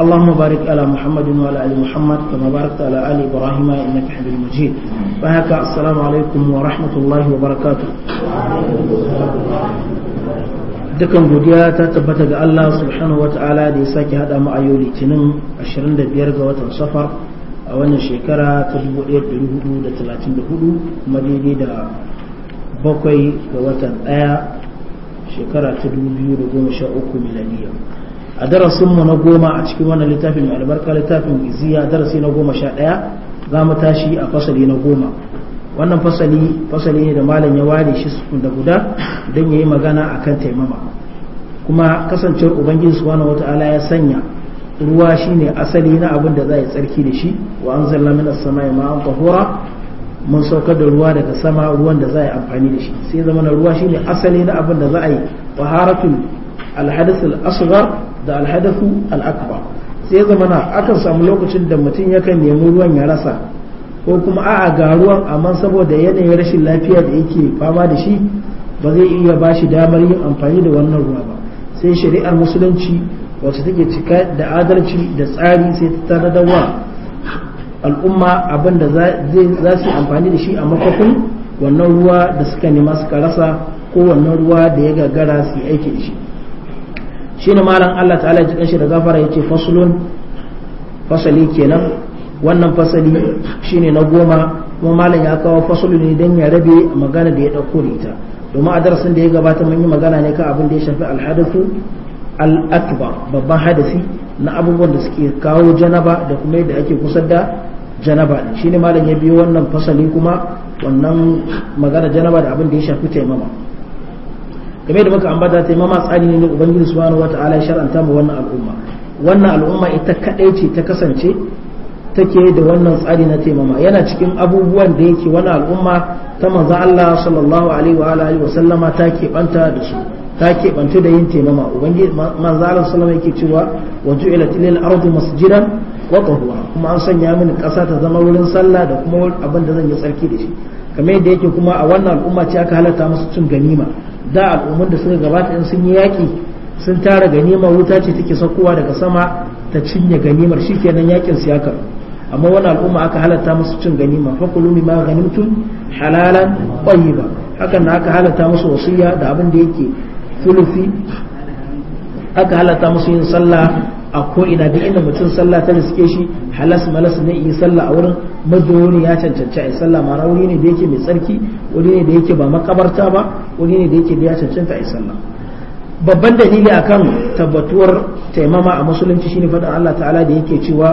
اللهم بارك على محمد وعلى ال محمد كما باركت على ال ابراهيم انك حميد مجيد وهكا السلام عليكم ورحمه الله وبركاته dukan godiya ta tabbata ga Allah subhanahu wa ta'ala da ya sake hada mu a yau litinin 25 ga watan safar a wannan shekara ta 1434 kuma daidai da bakwai ga watan daya shekara ta 2013 miladiya a darasin mu na goma a cikin wannan littafin mai albarka littafin iziya darasi na goma sha ɗaya za mu tashi a fasali na goma wannan fasali fasali ne da malam ya ware shi da guda don ya yi magana a kan taimama kuma kasancewar ubangiji wani wata'ala ya sanya ruwa shine asali na abin da za ya tsarki da shi wa an zalla min as-samai ma'an tahura mun saukar da ruwa daga sama ruwan da za a yi amfani da shi sai zama na ruwa shine asali na abin da za a yi taharatul alhadith al-asghar da alhadasu al'akba sai ya na akan samu lokacin da mutum yakan nemi ruwan ya rasa ko kuma a'a ga ruwan amma saboda yanayin rashin lafiya da yake fama da shi ba zai iya ba shi damar yin amfani da wannan ruwa ba sai shari'ar musulunci wacce take cika da adalci da tsari sai ta da wa al'umma abin da za su amfani da shi a makofin wannan ruwa da suka nema suka rasa ko wannan ruwa da ya gagara su yi aiki da shi ne malam Allah ta'ala ya ji shi da gafara ce fasulun fasali kenan wannan fasali shi ne na goma kuma malam ya kawo fasulu ne don ya rabe magana da ya ɗauko da ita domin a darasin da ya gabata mun yi magana ne ka abin da ya shafi alhadathu al'atuba babban hadasi na abubuwan da suke kawo janaba da kuma yadda ake kusa da janaba shi ne malam ya biyo wannan fasali kuma wannan magana janaba da abin da ya shafi taimama game da muka ambata ta tsari ne da ubangiji subhanahu wata'ala ya shar'anta mu wannan al'umma wannan al'umma ita kadai ce ta kasance take da wannan tsari na taimama yana cikin abubuwan da yake wani al'umma ta manzo Allah sallallahu alaihi wa alihi wa sallama ta banta da su ta keɓanta da yin taimama ubangiji manzo Allah sallallahu yake cewa wa ju'ilat lil ardi masjidan wa tahura kuma an sanya mini ƙasa ta zama wurin sallah da kuma abin da zan yi tsarki da shi kamar yadda yake kuma a wannan al'umma ce aka halatta musu cin ganima da al'ummar da suka gabata in sun yi yaƙi sun tara ganima wuta ce take saukowa daga sama ta cinye ganimar shi shikenan yakin su ya amma wani al'umma aka halatta musu cin ganima fa kulu mimma ghanimtum halalan tayyiba hakan na aka halatta musu wasiya da abin da yake sulufi aka halatta musu yin sallah a ko ina duk inda mutum sallah ta riske shi halas malas ne yi sallah a wurin mazuwuni ya cancanci a sallah mara wuri ne da yake mai tsarki wuri ne da yake ba makabarta ba wuri ne da yake da ya cancanta a sallah babban dalili akan tabbatuwar taimama a musulunci shine faɗin Allah ta'ala da yake cewa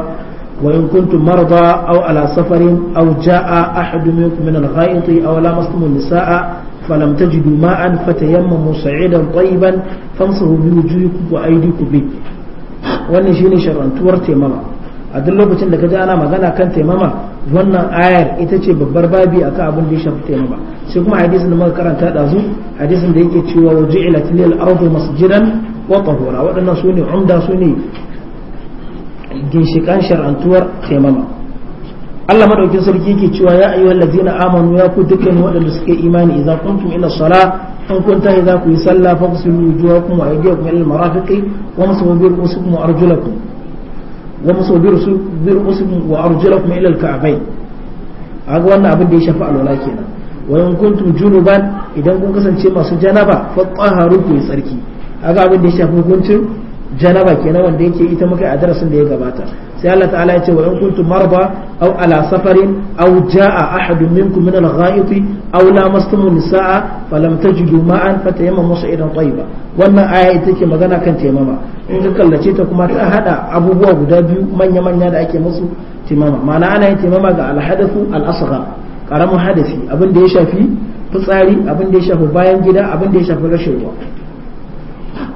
وإن كنتم مرضى أو على سفر أو جاء أحد منكم من الغائط أو لامستم النساء فلم تجدوا ماء فتيمموا صعيدا طيبا فامسحوا بوجوهكم وأيديكم به wannan shine sharantuwar taimama a duk lokacin da ka ji ana magana kan taimama wannan ayar ita ce babbar babi akan abin da ya shafi taimama sai kuma hadisin da muka karanta dazu hadisin da yake cewa wajilat lil ardu masjidan wa tahura waɗannan sune umda sune ginshikan sharantuwar taimama Allah madaukin sarki yake cewa ya ayyuhal ladzina amanu ya ku dukkan waɗanda suke imani idza kuntum ila sala in kun tahi za ku yi sallah fa kusulu wujuhakum wa aydiyakum ila al-marafiqi wa masawu bi wa arjulakum wa masawu bi rusukum wa arjulakum ila al-ka'bayn aga wannan abin da ya shafi alwala kenan wa in kuntum junuban idan kun kasance masu janaba fa taharu ku yi tsarki aga abin da ya shafi hukuncin janaba kenan wanda yake ita muka a darasin da ya gabata sai Allah ta'ala ya ce wa in kuntum marba aw ala safarin aw jaa ahadun minkum min al-ghaiti aw lamastum nisaa falam tajidu ma'an fatayammamu sa'idan tayyiba wannan aya ita ke magana kan taimama in ka kallace ta kuma ta hada abubuwa guda biyu manya manya da ake musu taimama ma'ana ana yin taimama ga al-hadathu al-asghar karamin hadasi abin da ya shafi fitsari abin da ya shafi bayan gida abin da ya shafi rashin ruwa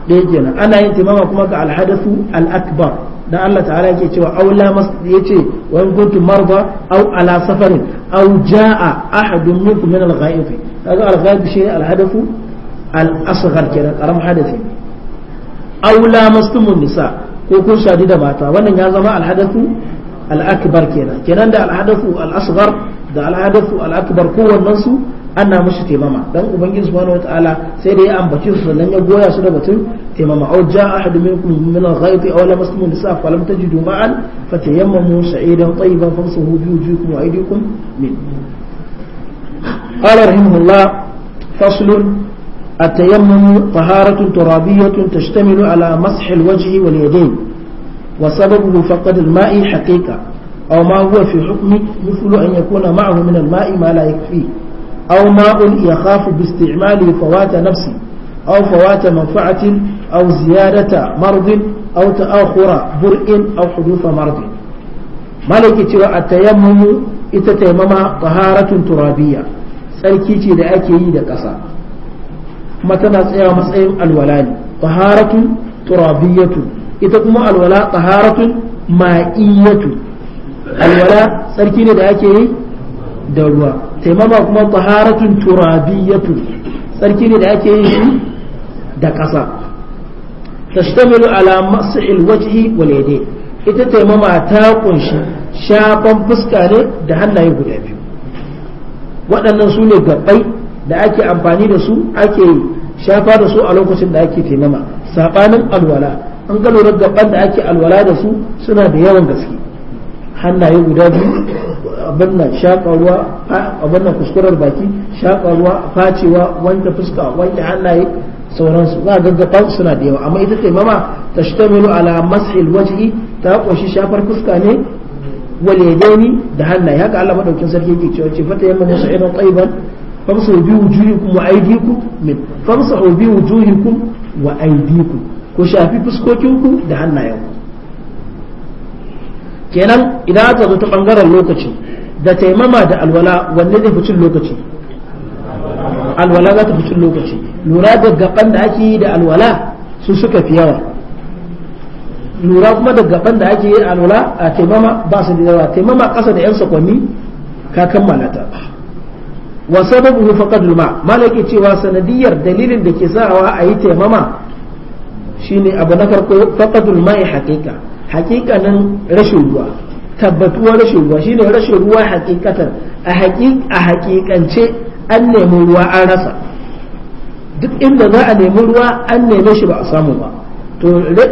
da yake nan ana yin timama kuma ga alhadasu al-akbar dan Allah ta'ala yake cewa aw la mas yace wa in kuntum marda aw ala safarin aw jaa ahadun minkum min al-ghaib kaga al-ghaib shi al-hadasu al-asghar kenan karam hadasi aw la mastumun nisa ko kun shadi da mata wannan ya zama al-hadasu al-akbar kenan kenan da al-hadasu al-asghar da al-hadasu al-akbar kowannen su ana musu taimama dan ubangiji subhanahu wataala sai da ya ambaci su sannan ya goya su da batun taimama aw jaa ahadu minkum min al-ghaibi aw lam tasmu nisa fa lam tajidu ma'an fa tayammamu sa'idan tayyiban famsahu bi wujuhikum wa aydikum min qala rahimahullah faslun التيمم طهارة ترابية تشتمل على مسح الوجه واليدين وسببه فقد الماء حقيقة أو ما هو في حكمه مثل أن يكون معه من الماء ما لا يكفيه أو ماء يخاف باستعماله فوات نفس أو فوات منفعة أو زيادة مرض أو تأخر برء أو حدوث مرض مالك ترى التيمم إتتيمم طهارة ترابية tsarki ce da ake yi da ƙasa kuma tana tsaya matsayin alwala ne taharatun turabiyatu ita kuma alwala taharatun ma'iyatu alwala tsarki ne da ake yi da ruwa taimama kuma taharatun turabiyatu tsarki ne da ake yin shi da ƙasa tashtamilu ala mas'il wajhi wal yadayn ita taimama ta kunshi shafan fuska ne da hannaye guda biyu waɗannan su ne gabbai da ake amfani da su ake shafa da su a lokacin da ake taimama saɓanin alwala an ga lura gaban da ake alwala da su suna da yawan gaske hannaye guda biyu abin nan shaƙa ruwa abin kuskurar baki shaƙa ruwa facewa wanke fuska wanke hannaye sauransu za a gaggafa suna da yawa amma ita taimama ta shtamilu ala mashil wajhi ta ƙunshi shafar fuska ne waledaini da hannaye haka Allah ɗaukin sarki yake cewa ce fata yamma musu irin tsaiban famsa bi wujuhikum wa aydikum min bi wujuhikum wa ku shafi fuskokinku da hannayenku kenan idan aka zo ta bangaren lokaci da taimama da alwala wanne zai fi lokaci alwala za ta fi lokaci lura da gaban da ake yi da alwala su suka fi yawa lura kuma da gaban da ake yi da alwala a taimama ba su da yawa taimama ƙasa da 'yan sakonni ka kammala ta wa sababu faqad ma malaki cewa sanadiyar dalilin da ke sawa a yi taimama shine abu na farko faqadul ma'i haqiqa haqiqa nan rashin ruwa tabbatuwar rashin ruwa shine rashin ruwa hakikatan a hakikance an nemi ruwa an rasa duk inda za a nemi ruwa an neme shi ba a samu ba to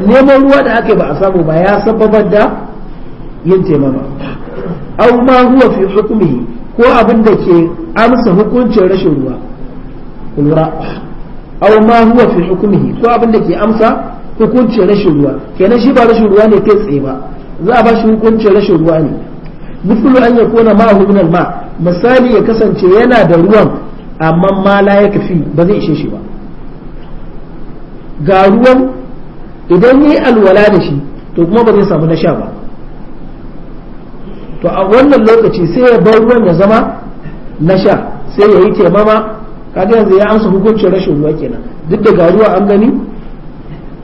neman ruwa da aka yi ba a samu ba ya sababar da yin taimama au ma huwa fi hukumihi ko abin da ke amsa hukuncin rashin ruwa kulura au ma huwa fi hukumihi ko abin da ke amsa hukuncin rashin ruwa kenan shi ba rashin ruwa ne kai tsaye ba za a ba shi hukuncin rashin ruwa ne mithlu an ya ma ma al-ma misali ya kasance yana da ruwan amma ma la ya kafi ba zai ishe shi ba ga ruwan idan yi alwala da shi to kuma ba zai samu na sha ba to a wannan lokaci sai ya bar ruwan ya zama na sha sai ya yi taimama kaga yanzu ya amsa hukuncin rashin ruwa kenan duk da ga ruwa an gani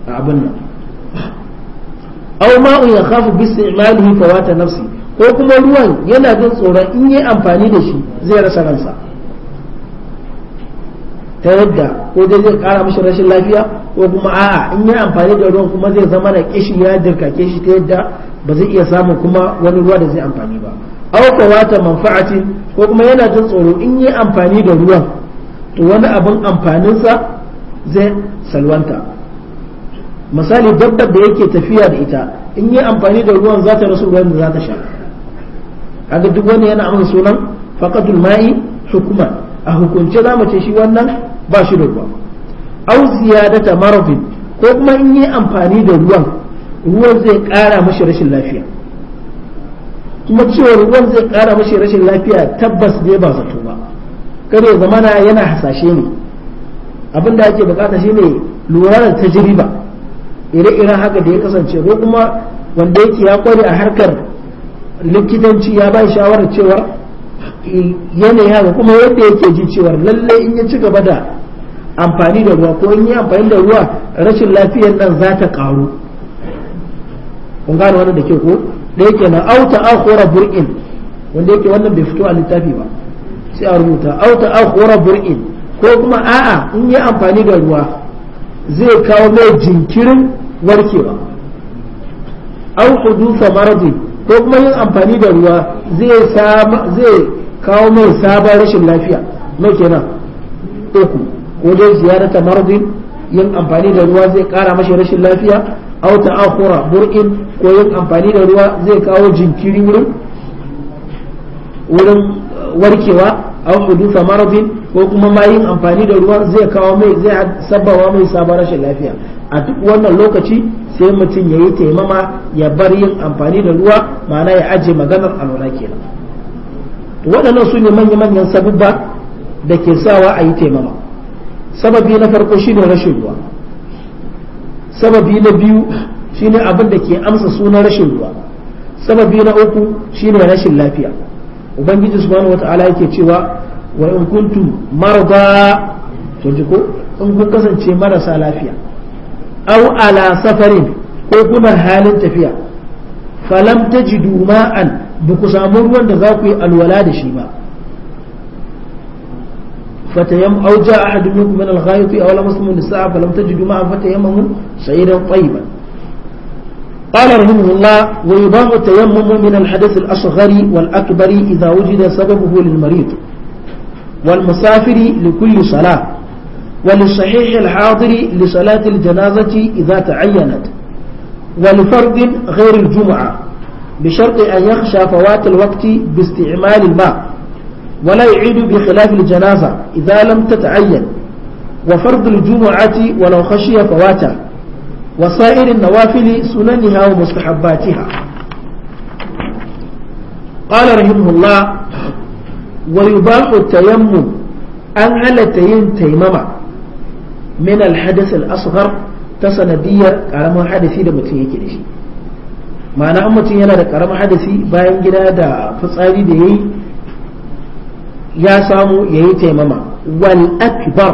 a abin nan aw ya khafu bi istimalihi fawata nafsi ko kuma ruwan yana jin tsoron in yi amfani da shi zai rasa ransa ta yadda ko dai zai kara mishi rashin lafiya ko kuma a'a in yi amfani da ruwan kuma zai zama na kishi ya dirkake shi ta yadda ba zai iya samun kuma wani ruwa da zai amfani ba aw fawata manfa'atin ko kuma yana jin tsoro in yi amfani da ruwan to wani abin amfaninsa zai salwanta misali dabbar da yake tafiya da ita in yi amfani da ruwan za ta rasu ruwan da za ta sha kaga duk wani yana amsa sunan faqatul ma'i hukuma a hukunce za mu ce shi wannan ba shi da ruwa au ziyadata maradin ko kuma in yi amfani da ruwan ruwan zai kara mashi rashin lafiya kuma cewa ruwan zai kara mashi rashin lafiya tabbas ne ba zato ba kare zamana yana hasashe ne abinda ake bukata shine lura da tajriba ire-iren haka da ya kasance ko kuma wanda yake ya kware a harkar likitanci ya ba shawarar cewa yanayi haka kuma yadda yake ji cewa lalle in ya ci gaba da amfani da ruwa ko in yi amfani da ruwa rashin lafiyar nan za ta karu kun gane wannan da ke ko da yake na auta akhura bur'in wanda yake wannan bai fito a littafi ba sai a rubuta auta akhura bur'in ko kuma a'a in yi amfani da ruwa zai kawo mai jinkirin warkewa an hudusa maradi ko kuma yin amfani da ruwa zai kawo mai sabon rashin lafiya mai kenan uku ko dai ziyarata maradin yin amfani da ruwa zai kara mashi rashin lafiya au ta'akhura bur'in ko yin amfani da ruwa zai kawo jinkirin wurin eh, warkewa aw hudusa maradin ko kuma ma yin amfani da ruwa zai kawo mai zai sabawa mai sabon rashin lafiya a duk wannan lokaci sai mutum ya yi taimama ya bar yin amfani da ruwa ma'ana ya ajiye maganar alwala kenan waɗannan su ne manya-manyan sabubba da ke sawa a yi taimama sababi na farko shine rashin ruwa sababi na biyu shine abin da ke amsa sunan rashin ruwa sababi na uku shine rashin lafiya ubangiji subhanahu wata'ala yake cewa wa in kuntum marda to ji ko in kun kasance marasa lafiya aw ala safarin ko kuna halin tafiya falam tajidu ma'an ba ku samu ruwan da za ku yi alwala da shi ba fatayam auja ahadun minkum min al-ghayt aw lam tasmu nisaa falam tajidu ma'an fatayamamu sayidan tayyiban قال رحمه الله ويباغ التيمم من الحدث الأصغر والأكبر إذا وجد سببه للمريض والمسافر لكل صلاة وللصحيح الحاضر لصلاة الجنازة إذا تعينت ولفرد غير الجمعة بشرط أن يخشى فوات الوقت باستعمال الماء ولا يعيد بخلاف الجنازة إذا لم تتعين وفرض الجمعة ولو خشي فواته وسائر النوافل سننها ومستحباتها قال رحمه الله ويباح التيمم أن هل تيم تيمما من الحدث الأصغر تسندية على ما حدثي لما da لشي ma'ana an mutum yana da karamin hadasi bayan gida da fitsari da yayi ya samu yayi taimama wal akbar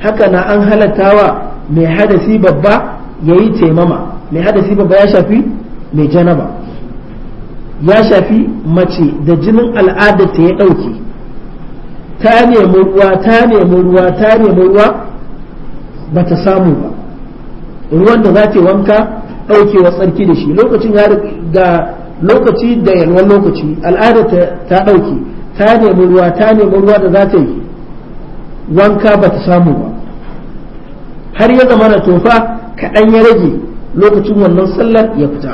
haka na an wa mai hadasi babba yayi taimama mai hadasi ba ya shafi mai janaba ya shafi mace da jinin al'ada ta ya ɗauke ta nemi ruwa ta nemi ruwa ta nemi ruwa ba ta samu ba ruwan da za ta wanka ɗaukewa tsarki da shi lokacin ya ga lokaci da yalwan lokaci al'ada ta ɗauke ta nemi ruwa ta nemi ruwa da za ta yi wanka ba ta samu ba har ya zama na tofa kaɗan ya rage lokacin wannan sallar ya fita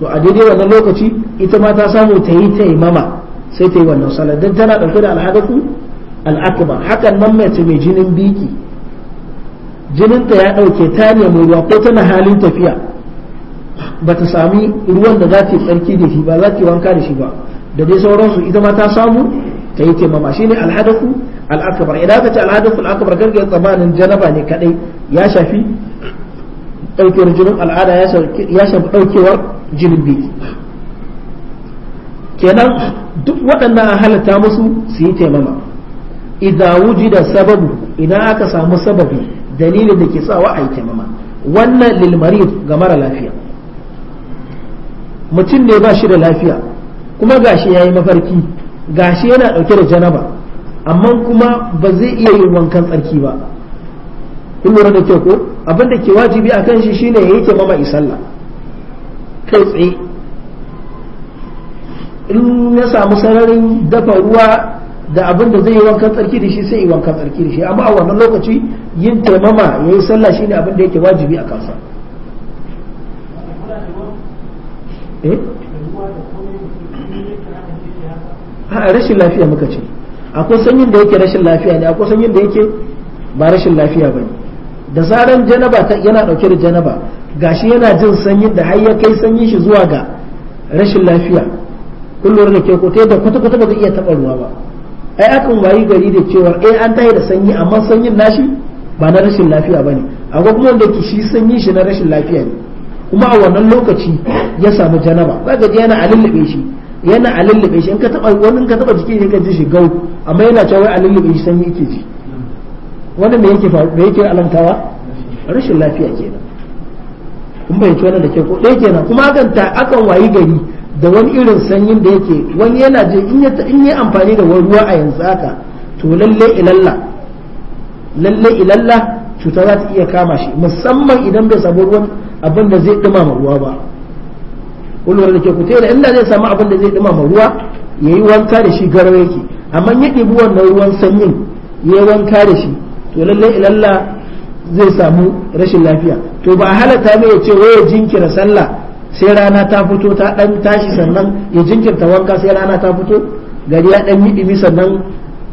to a daidai wannan lokaci ita ma ta samu ta yi taimama sai ta yi wannan sallar don tana ɗauke da al'adatu al'akbar hakan nan mace mai jinin biki jininta ya ɗauke ta nemi ruwa ko tana halin tafiya ba ta sami ruwan da za ta yi tsarki da shi ba za ta yi wanka da shi ba da dai sauransu ita ma ta samu ta yi taimama ne alhadafu al'akabar idan ka ce alhadafu al'akabar garga tsamanin janaba ne kadai ya shafi ɗaukewar jinin al'ada ya shafi ɗaukewar jinin biki kenan duk waɗannan halatta musu su yi taimama idan da sababu idan aka samu sababi dalilin da ke sawa a yi taimama wannan lilmarid ga mara lafiya mutum ne ba shi da lafiya kuma gashi ya yi mafarki gashi yana ɗauke da janaba amma kuma ba zai iya yin wankan tsarki ba kun lura da kyau ko abin da ke wajibi a kan shi shine ya yake mama sallah kai tsaye in ya samu sararin dafa ruwa da abin da zai yi wankan tsarki da shi sai yi wankan tsarki da shi amma a wannan lokaci yin taimama ya yi sallah shine abin da yake wajibi a kansa eh? a rashin lafiya muka ce akwai sanyin da yake rashin lafiya ne akwai sanyin da yake ba rashin lafiya ba ne da zaran janaba ta yana dauke da janaba gashi yana jin sanyi da har ya kai sanyi shi zuwa ga rashin lafiya kullum da ke ko ta yadda kwata kwata ba zai iya taba ruwa ba ai akan wayi gari da cewa eh an tayi da sanyi amma sanyin nashi ba na rashin lafiya bane akwai kuma wanda ke shi sanyin shi na rashin lafiya ne kuma a wannan lokaci ya samu janaba zaka yana alillibe shi yana alillibe shi in ka taba wani in ka taba jiki ne ka ji shi gau amma yana cewa alillibe shi sanyi yake ji wannan me yake me yake alamtawa rashin lafiya kenan kun bai wannan da ke ko ɗaya kenan kuma hakan ta akan wayi gari da wani irin sanyin da yake wani yana je in ya in yi amfani da ruwa a yanzu haka to lalle ilalla lalle ilalla cuta za ta iya kama shi musamman idan bai samu ruwan abin da zai dumama ruwa ba kullum da ke ku da inda zai samu abin da zai dumama ruwa yayi wanka da shi garau yake amma ya ɗibi wannan ruwan sanyin ya wanka da shi to lallai ilalla zai samu rashin lafiya to ba halatta mai ya ce wai ya jinkira sallah sai rana ta fito ta dan tashi sannan ya jinkirta wanka sai rana ta fito gari ya dan yi sannan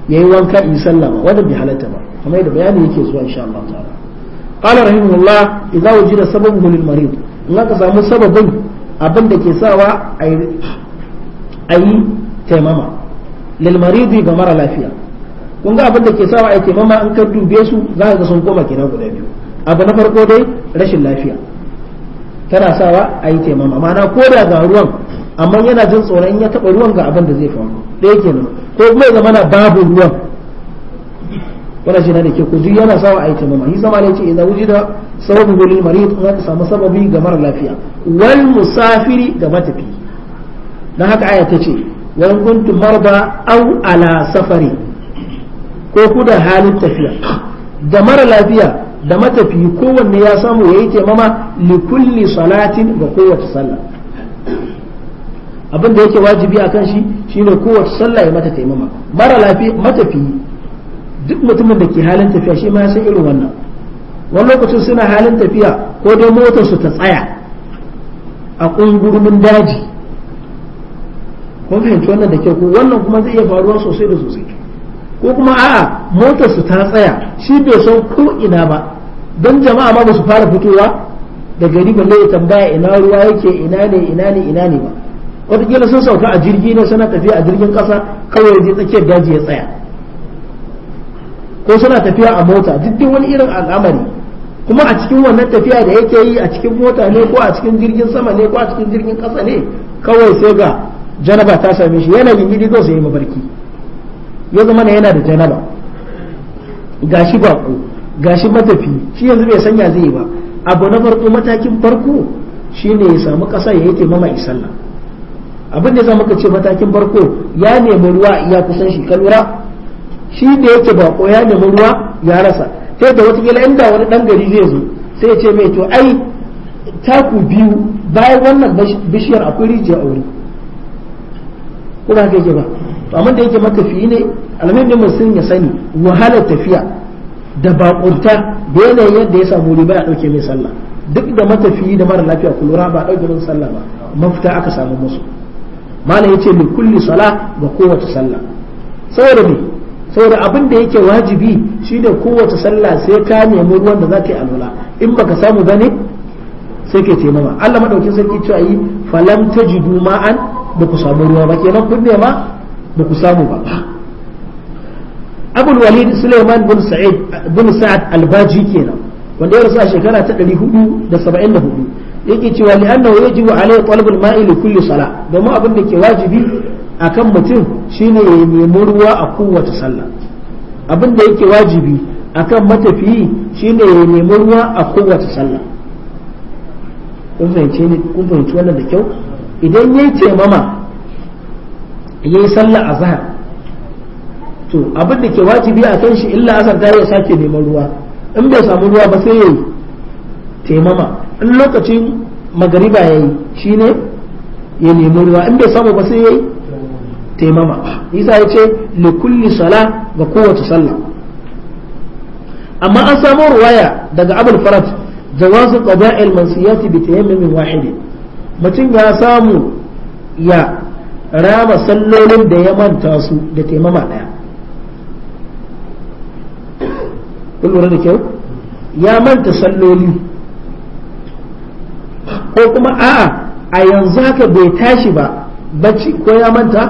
ya yi wanka in sallah ba wanda bai halatta ba kamar yadda bayani yake zuwa insha Allah ta'ala za mu ji da sababu lil marid in aka samu sababin abin da ke sawa ayi taimama lil maridi ga mara lafiya kun ga abin da ke sawa ake mama an kan dube su za ka ga sun koma kenan guda biyu abu na farko dai rashin lafiya tana sawa a yi taimama ma'ana ko da ga ruwan amma yana jin tsoron in ya taɓa ruwan ga abin da zai faru ɗaya kenan ko kuma ya zamana babu ruwan wannan shi na da ke ku yana sawa a yi taimama yi zama ne ce idan da sababin gulil marid in aka samu sababi ga mara lafiya wal musafiri ga matafi na haka aya ta ce wani in marba au ala safari ko kuda halin tafiya da mara lafiya da matafiyi kowanne ya samu ya yi taimama likulli salatin ga kowace sallah abin da yake wajibi a kan shi shine kowace sallah ya mata taimama mara lafiya matafiyi duk mutumin da ke halin tafiya shi ma ya san irin wannan wani lokacin suna halin tafiya ko dai motarsu ta tsaya a ƙungurmin daji ko fahimci wannan da kyau wannan kuma zai iya faruwa sosai da sosai ko kuma a'a motar su ta tsaya shi bai son ko ina ba don jama'a ma ba su fara fitowa da gari ba ne tambaya ina ruwa yake ina ne ina ne ina ne ba wataƙila sun sauka a jirgi ne suna tafiya a jirgin ƙasa kawai je tsakiyar daji ya tsaya ko suna tafiya a mota duk wani irin al'amari kuma a cikin wannan tafiya da yake yi a cikin mota ne ko a cikin jirgin sama ne ko a cikin jirgin ƙasa ne kawai sai ga janaba ta same shi yana yin yi sai yi mabarki ya zama ne yana da janaba gashi ku gashi matafi shi yanzu bai sanya zai ba abu na farko matakin farko shine ya samu kasa ya yi taimama isalla abin da za muka ce matakin farko ya nemi ruwa ya kusan shi ka shi da yake ko ya nemi ruwa ya rasa sai da wata watakila inda wani dan gari zai zo sai ya ce mai to ai taku biyu bayan wannan bishiyar akwai rijiya a wuri kuma haka yake ba to amma da yake matafiyi ne alamin da mutum ya sani wahalar tafiya da baƙurta da yanayin yadda ya samu riba ya dauke mai sallah duk da matafiyi da mara lafiya ku lura ba dauke mai sallah ba mafita aka samu musu malam yace li kulli sala ga kowace sallah saboda me saboda abin da yake wajibi shi da kowace sallah sai ka nemi ruwan da zaka yi alwala in baka samu bane sai ke taimama Allah madaukin sarki cewa yi falam tajidu ma'an da ku samu ruwa ba kenan kun nema ba ku samu ba abul walid suleiman bin sa'id bin sa'ad albaji kenan wanda ya rasu a shekara ta 474 yake cewa li annahu yajibu alayhi talabul ma'i li kulli salah domin abin da ke wajibi akan mutum shine ya nemi ruwa a kowace sallah abin da yake wajibi akan matafiyi shine ya nemi ruwa a kowace sallah kun kun fahimci wannan da kyau idan yayi taimama yi sallah a zahar to abin da ke wajibi a kan shi illa asar ta ya sake neman ruwa in bai samu ruwa ba sai yayi taimama in lokacin magariba shi ne ya nemi ruwa in bai samu ba sai yi taimama isa ya ce li kulli sala ga kowace sallah amma an samu ruwaya daga abul farat jawazu qada'il mansiyati bi tayammumin wahidi mutum ya samu ya rama sallolin da ya manta su da taimama ɗaya kun da kyau ya manta salloli ko kuma a'a a yanzu haka bai tashi ba bacci ko ya manta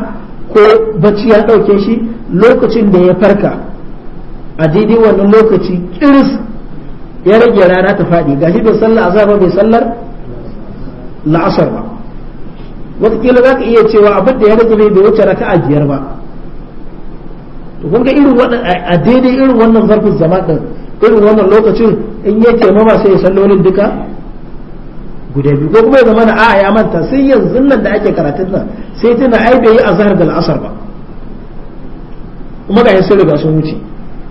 ko bacci ya ɗauke shi lokacin da ya farka a daidai wannan lokaci kiris ya rage rana ta faɗi gashi bai sallar azaba bai sallar la'asar ba wataƙila za ka iya cewa abin da ya rage bai bai wuce raka'a biyar ba to kun ga irin wannan a daidai irin wannan zarfin zama din irin wannan lokacin in ya taimama sai ya sallolin duka guda biyu ko kuma ya zama na a'a ya manta sai yanzu nan da ake karatun nan sai tana ai bai yi a zahar da la'asar ba kuma ga sun ga sun wuce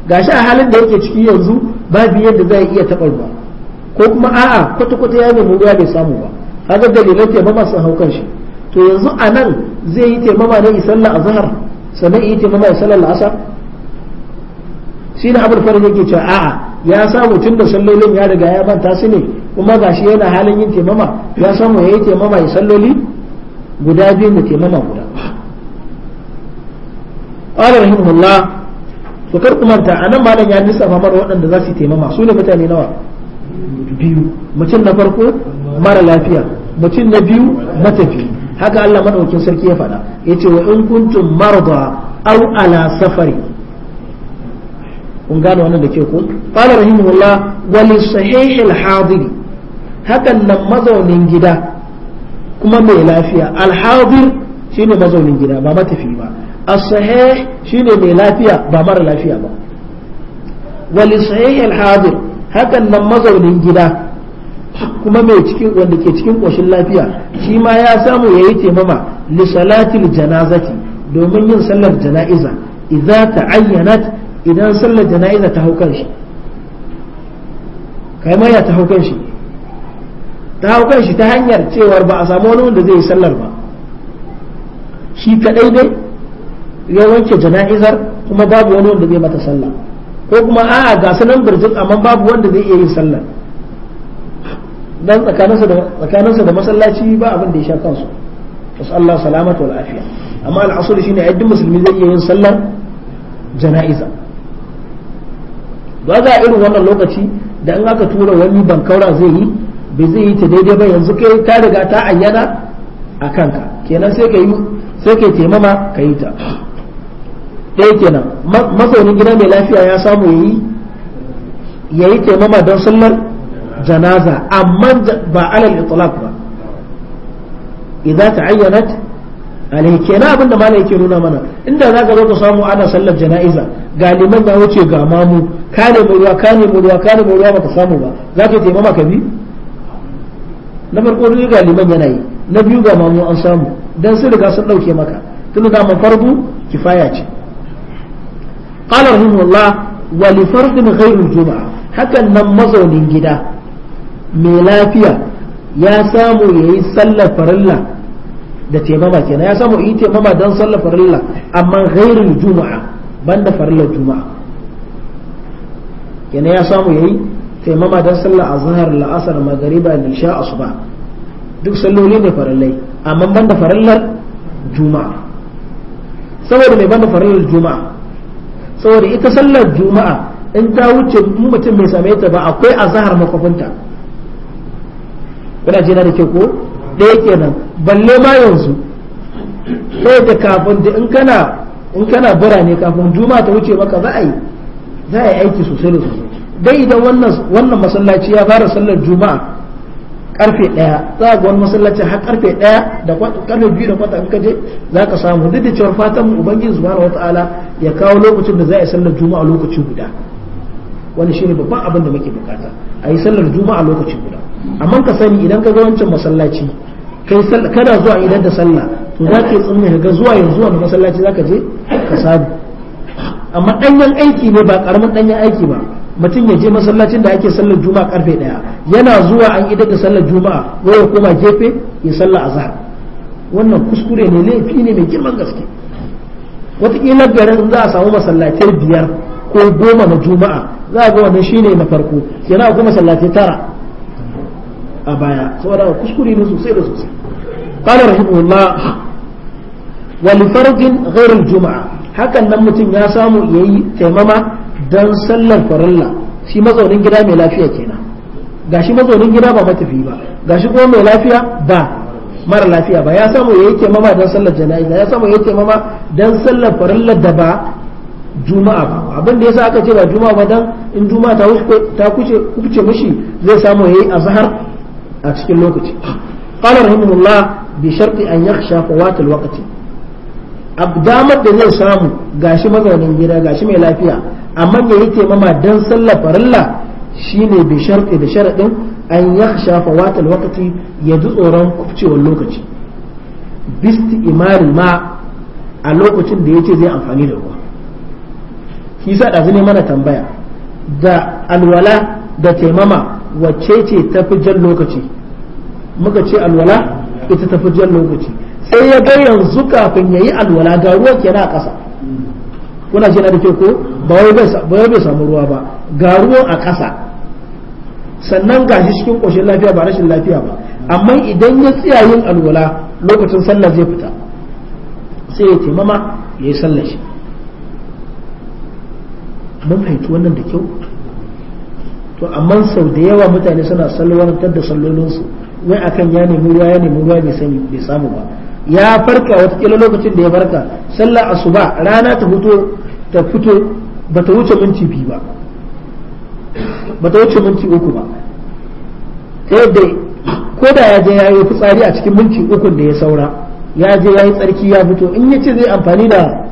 gashi a halin da yake ciki yanzu babu yadda zai iya taɓa ruwa ko kuma a'a kwata-kwata ya nemi ruwa bai samu ba haka dalilai taimama sun hau kan shi to yanzu a nan zai yi taimama a sallar azhar sannan yi taimama ya sallar asar shi da abul farin yake cewa a'a ya samu tun da sallolin ya riga ya banta su ne kuma gashi yana halin yin taimama ya samu ya yi taimama ya salloli guda biyu da taimama guda qala rahimahullah to kar ku manta nan malam ya lissafa mara waɗanda za su yi taimama su ne mutane nawa biyu mutum na farko mara lafiya mutum na biyu matafi haka Allah madaukakin sarki ya faɗa yace wa in kuntum marda aw ala safari kun gane wannan da ke ku qala rahimahullah wa li sahih al hadir hakan nan mazaunin gida kuma mai lafiya al hadir shine mazaunin gida ba matafi ba as sahih shine mai lafiya ba mara lafiya ba wa li sahih al hadir hakan nan mazaunin gida kuma mai cikin wanda ke cikin koshin lafiya shi ma ya samu ya yi taimama li salatil janazati domin yin sallar jana'iza idza ta'ayyanat idan sallar jana'iza ta hau kanshi kai ma ya ta hau kanshi ta hau kanshi ta hanyar cewar ba a samu wani wanda zai yi sallar ba shi kadai dai ya wanke jana'izar kuma babu wani wanda zai mata sallah ko kuma a'a ga sanan birjin amma babu wanda zai iya yin sallar dan tsakaninsa da tsakaninsa da masallaci ba abin da ya sha kansu wasu Allah salamata wal afiya amma al'asul shine yadda musulmi zai iya yin sallar jana'iza ba za a irin wannan lokaci da in aka tura wani bankaura zai yi bai zai yi ta daidai ba yanzu kai ta riga ta ayyana a kanka kenan sai ka yi sai ka taimama ka yi ta ɗaya kenan mazaunin gida mai lafiya ya samu yayi yayi taimama don sallar janaza amma ba alal itlaq ba idan ta'ayyanat alai kenan abin da malai yake nuna mana inda za ka zo ka samu ana sallar jana'iza galiman ya wuce ga mamu ka nemi ruwa ka nemi ruwa ka nemi ruwa baka samu ba za ka taimama ka bi na farko galiman yana yi na biyu ga mamu an samu dan sun riga sun ɗauke maka tun da man kifaya ce qala rahimahullah wa li fardin ghayr juma'a hakan nan mazaunin gida mai lafiya ya samu ya yi sallar farilla da taimama kenan ya samu yi taimama don sallar farilla amma gairin juma'a banda farillar juma'a kenan ya samu ya yi taimama don sallar azhar la'asar magariba lisha ba duk salloli ne farillai amma banda farillar juma'a saboda mai banda farillar juma'a saboda ita sallar juma'a in ta wuce mutum mai same ta ba akwai azhar makwafinta kuna ce na da ke ko ɗaya kenan balle ma yanzu sai da kafin da in kana in kana birane kafin juma ta wuce maka za a yi za a yi aiki sosai da sosai dai idan wannan wannan masallaci ya fara sallar juma'a karfe ɗaya za ga wani masallacin har karfe ɗaya da karfe biyu da kwata in ka je za ka samu duk da cewar fatan mu ubangiji subhanahu wataala ya kawo lokacin da za a yi sallar juma'a lokaci guda wani shine babban abin da muke bukata a yi sallar juma'a lokacin guda amma ka sani idan ka ga wancan masallaci kai kada zuwa idan da sallah to za ka yi ga zuwa yanzu wani masallaci za ka je ka sabu amma danyen aiki ne ba karamin ɗanyen aiki ba mutum ya je masallacin da ake sallar juma'a karfe daya yana zuwa an idan da sallar juma'a wai ya koma gefe ya sallar azhar wannan kuskure ne laifi ne mai girman gaske wataƙila garin za a samu masallatai biyar ko goma na juma'a za a ga wannan shine na farko yana kuma sallati tara a baya saboda kuskure ne sosai da sosai qala rahimahullah wal farjin ghairu al juma'a hakan nan mutum ya samu yayi taimama dan sallar farilla shi mazaunin gida mai lafiya kenan gashi mazaunin gida ba matafi ba gashi kuma mai lafiya ba mara lafiya ba ya samu yayi taimama dan sallar jana'iza ya samu yayi taimama dan sallar farillar da ba juma'a ba abin da yasa aka ce ba juma'a ba dan in juma'a ta ta kuce kuce mushi zai samu yayi azhar a cikin lokaci qala rahimullah bi sharti an yakhsha fawat alwaqti abdamar da zai samu gashi mazaunin gida gashi mai lafiya amma ya yi taimama dan sallar farilla shine bi sharti da sharadin an yakhsha fawat alwaqti ya ji tsoron kufcewar lokaci bisti imari ma a lokacin da yace zai amfani da ruwa shi sa ɗazu ne mana tambaya da alwala da taimama wacce ce tafi jan lokaci muka ce alwala ita tafi jan lokaci sai ya ga yanzu kafin ya yi alwala ga ruwa ke a ƙasa kuna ce na da ke ko ba wai bai samu ruwa ba ga ruwa a ƙasa sannan ga shi cikin ƙoshin lafiya ba rashin lafiya ba amma idan ya tsaya yin alwala lokacin sallah zai fita sai ya taimama ya yi sallah shi mun fahimci wannan da kyau to amma sau da yawa mutane suna salwantar da sallolinsu wai akan ya nemi ruwa ya nemi ruwa bai sani bai samu ba ya farka watakila lokacin da ya farka sallar asuba rana ta fito ta fito ba ta wuce minti biyu ba ba ta wuce minti uku ba ta yadda ko da ya je ya yi fitsari a cikin minti uku da ya saura ya je ya yi tsarki ya fito in ya ce zai amfani da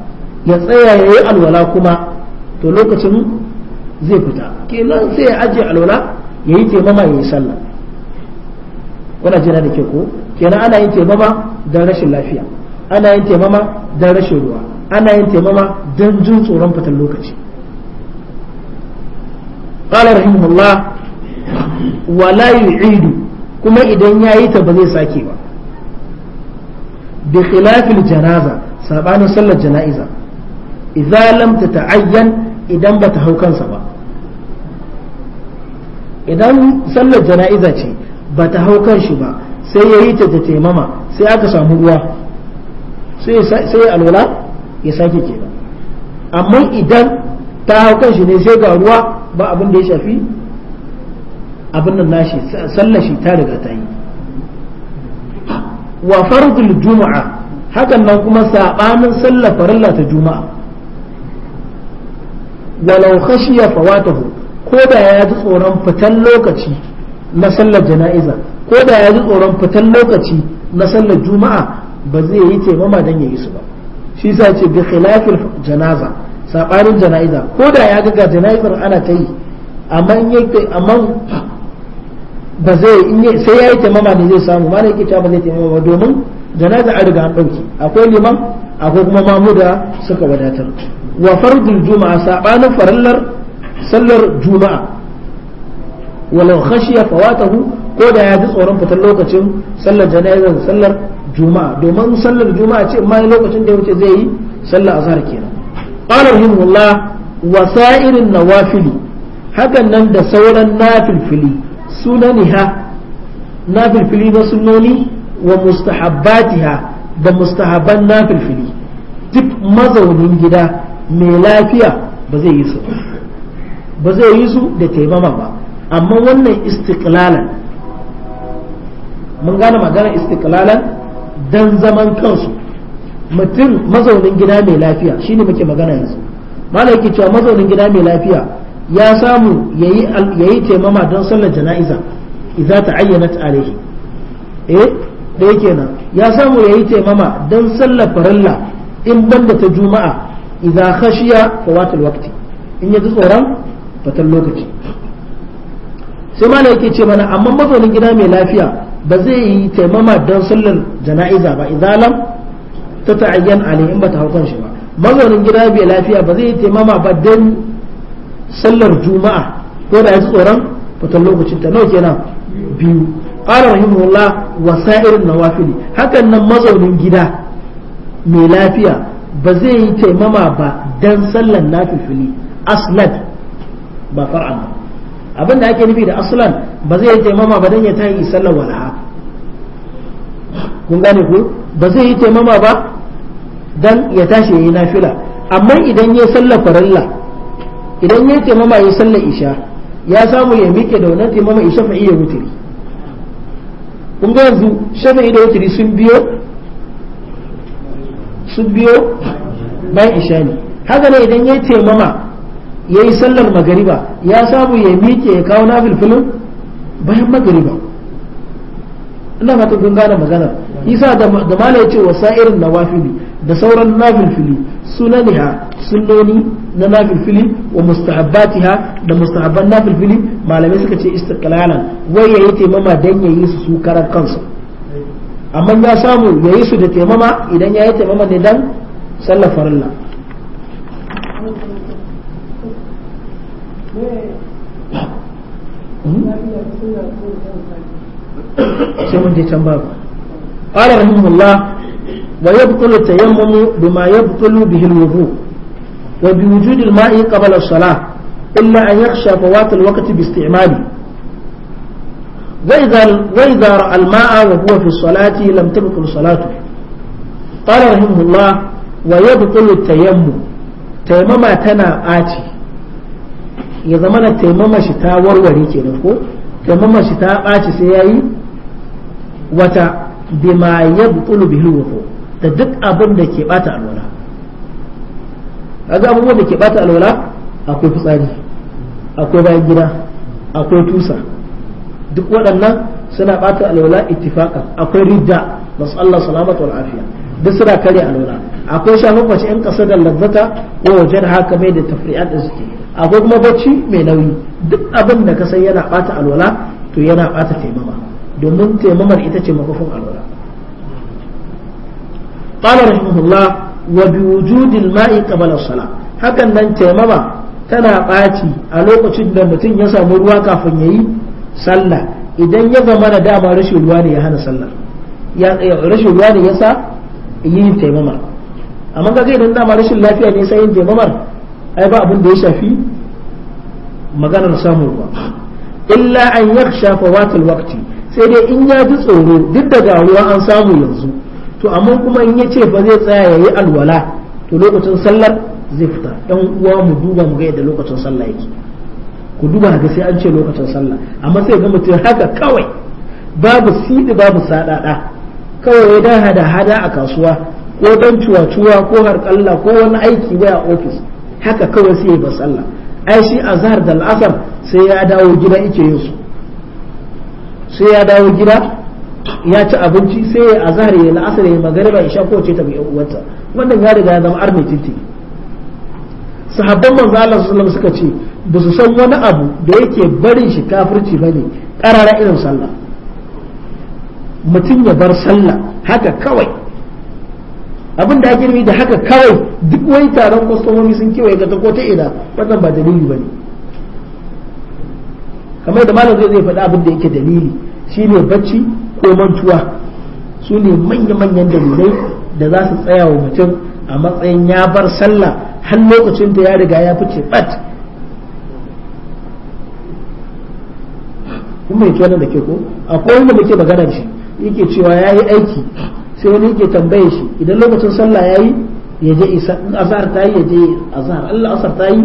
ya tsaya ya yi alwala kuma to lokacin zai fita kenan sai ya ajiye alwala ya yi taimama ya yi sallah kuna jira da ke ko kenan ana yin taimama don rashin lafiya ana yin taimama don rashin ruwa ana yin taimama don jin tsoron fitar lokaci qala rahimahullah wala yu'idu kuma idan ya yi ta ba zai sake ba bi khilafil janaza sabanin sallar jana'iza idan lam ta'ayyan idan ta hau kansa ba idan sallar jana'iza ce ba ta hau kanshi ba sai ya yi ta taimama sai aka samu ruwa sai ya alwala ya sake kenan amma idan ta hau kanshi ne sai ga ruwa ba abin da ya shafi abin nan nashi sallar shi ta riga ta yi wa fardul juma'a hakan nan kuma sabanin sallar farilla ta juma'a walau khashiya fawatahu ko da ya ji tsoron fitan lokaci na sallar jana'iza ko da ya ji tsoron fitan lokaci na sallar juma'a ba zai yi taimama dan ya yi su ba shi sa ce bi khilafil janaza sabanin jana'iza ko da ya ga jana'izar ana ta yi amma in yake amma ba zai in sai yayi taimama ne zai samu ma ne yake ta ba zai taimama ba domin jana'iza an riga an ɗauki akwai liman akwai kuma mamuda suka wadatar wa fardul juma'a sabanin farallar sallar juma'a walau khashiya fawatahu ko da ya ji tsoron fitar lokacin sallar jana'izar sallar juma'a domin sallar juma'a ce ma lokacin da ya wuce zai yi sallar azhar kenan qala rahimullah wa sa'irin nawafili hakan nan da sauran nafilfili sunaniha nafilfili na sunoni wa mustahabbatiha da mustahabban nafilfili duk mazaunin gida mai lafiya ba zai yi su ba zai yi su da taimama ba amma wannan istiklalan mun gane magana istiklalan don zaman kansu mutum mazaunin gida mai lafiya shine muke magana yanzu malai yake cewa mazaunin gida mai lafiya ya samu ya yi taimama don sallar jana'iza ta ayyana ta eh da yake nan ya samu yayi taimama don sallar farilla in banda ta juma'a idza khashiya fawatul waqti in yaji tsoron fatan lokaci sai ma yake ce mana amma mazaunin gida mai lafiya ba zai yi taimama don sallar jana'iza ba idan lam ta ta'ayyan alai in bata haukan shi ba mazaunin gida mai lafiya ba zai yi taimama ba don sallar juma'a ko da yaji tsoron fatan lokacin ta nawa kenan biyu qala rahimahullah wasa'ir nawafili hakan nan mazaunin gida mai lafiya ba zai yi taimama ba dan sallan nafifili aslan ba far'an abin da ake nufi da aslan ba zai yi taimama ba dan ya yi sallan wala'a kun gane ku ba zai yi taimama ba dan ya tashi yayi nafila amma idan ya sallar farilla idan ya taimama ya sallar isha ya samu ya miƙe da wannan taimama isha fa iya wuturi kun ga yanzu shafi'i da wuturi sun biyo sun biyo bayan ne haka ne idan ya taimama ya yi sallar magariba ya samu ya miƙe ya kawo na filfilin bayan magariba ina fata kun gane maganar isa da mala ya ce wasa irin wafili da sauran nafilfili sunaniha sunoni na nafilfili wa ha da mustahabban nafilfili malamai suka ce istiqlalan wai ya yi taimama dan yi su su karan kansu amma ya samu ya yi su da taimama idan ya yi taimama ne dan sallar farilla sai mun je can babu qala rahimullah wa yabtulu tayammumu bima yabtulu bihi alwudu wa bi wujudil alma'i qabla as-salah illa an yakhsha fawat alwaqt bi istimali وإذا رأى الماء وهو في الصلاة لم تبطل صلاته قال رحمه الله ويبطل التيمم تيمما تنا آتي ya zama na taimama shi ta warware ke ko taimama shi ta ɓaci sai yayi wata bima ya bukulu bihi wuku da duk abin da ke bata alwala kaga abubuwan da ke bata alwala akwai fitsari akwai bayan gida akwai tusa duk waɗannan suna ɓata alwala ittifaqan akwai ridda nasu Allah salamatu wal afiya duk suna kare alwala akwai shafin mace in kasa da lazzata ko wajen haka mai da tafriyar da suke akwai kuma bacci mai nauyi duk abin da ka san yana bata alwala to yana ɓata taimama domin taimamar ita ce makofin alwala قال رحمه الله وبوجود الماء قبل hakan nan taimama tana ɓaci a lokacin da mutum ya samu ruwa kafin ya yi sallah idan ya zama da dama rashin ruwa ne ya hana sallar eh, rashin ruwa ne yasa yin taimama amma kaga idan dama rashin lafiya ne sai yin taimamar ai ba abin da ya shafi maganar samun ruwa illa an yakhsha fawatul waqti sai dai in ya ji tsoro duk daga ruwa an samu yanzu to amma kuma in ya ce ba zai tsaya ya yi alwala to lokacin sallar zai fita ɗan uwa mu duba mu ga yadda lokacin sallah yake ku duba haka sai an ce lokacin sallah amma sai ga mutum haka kawai babu sidi babu sadada kawai ya da hada hada a kasuwa ko dan cuwa-cuwa ko harƙalla ko wani aiki waya ofis haka kawai sai ya ba sallah ai shi azhar da al'asar sai ya dawo gida yake yin su sai ya dawo gida ya ci abinci sai ya azhar ya la'asar ya magariba isha ko ce ta bi uwarta wannan ya riga ya zama arni titi sahabban manzo Allah sallallahu alaihi wasallam suka ce ba su san wani abu da yake barin shi kafirci ba ne ƙarara irin sallah mutum ya bar sallah haka kawai abin da ake nufi da haka kawai duk wani taron kwastomomi sun kewaye ga ko ta ina wannan ba dalili ba ne kamar da malam zai faɗa abin da yake dalili shi ne bacci ko mantuwa su ne manya-manyan dalilai da za su tsaya wa mutum a matsayin ya bar sallah har lokacin da ya riga ya fice bat kun bai ci wannan da ke ko akwai wanda muke magana da shi yake cewa ya yi aiki sai wani yake tambaye shi idan lokacin sallah ya yi ya je isa in azhar ta yi ya je azhar Allah asar ta yi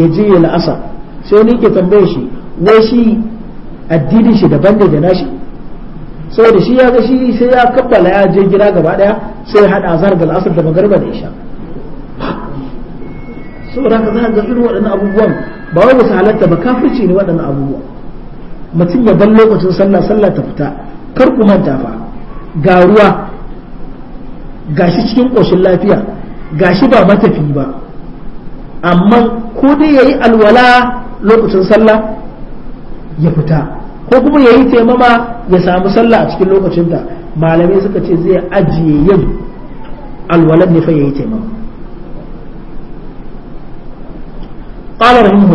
ya je ya asar sai wani yake tambaye shi wai shi addinin shi daban da da nashi saboda shi ya ga shi sai ya kabbala ya je gida gaba daya sai ya hada azhar da la'asar da magariba da isha saboda haka za ga irin waɗannan abubuwan ba wai ba ba kafirci ne waɗannan abubuwan mutum ya bar lokacin sallah sallah ta fita kar ku manta fa ga ruwa gashi cikin ƙoshin lafiya gashi ba matafi ba amma ko dai yayi alwala lokacin sallah ya fita ko kuma yayi taimama ya samu sallah a cikin lokacin da malamai suka ce zai ajiye yin alwalan ne fa yayi taimama قال رحمه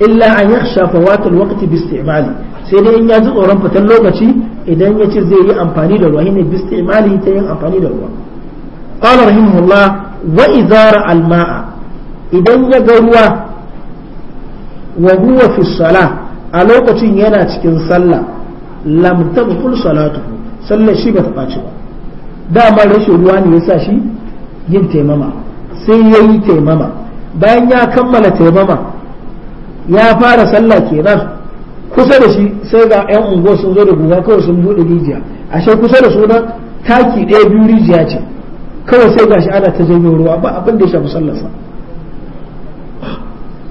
illa an yakhsha fawatul waqti bi istimali sai dai in ya ji tsoron fitar lokaci idan ya ci zai yi amfani da ruwa ne bi istimali ta yin amfani da ruwa qala rahimahullah wa idara al ma'a idan ya ga ruwa wa huwa fi salah a lokacin yana cikin sallah lam tabtul Salatu sallar shi ba ta ɓaci ba dama rashin ruwa ne ya sa shi yin taimama sai ya yi taimama bayan ya kammala taimama ya fara sallah kenan kusa da shi sai ga yan unguwa sun zo da guga kawai sun buɗe rijiya ashe kusa da sunan taki ɗaya biyu rijiya ce kawai sai gashi ana ta janyo ruwa ba abin da ya shafi sallarsa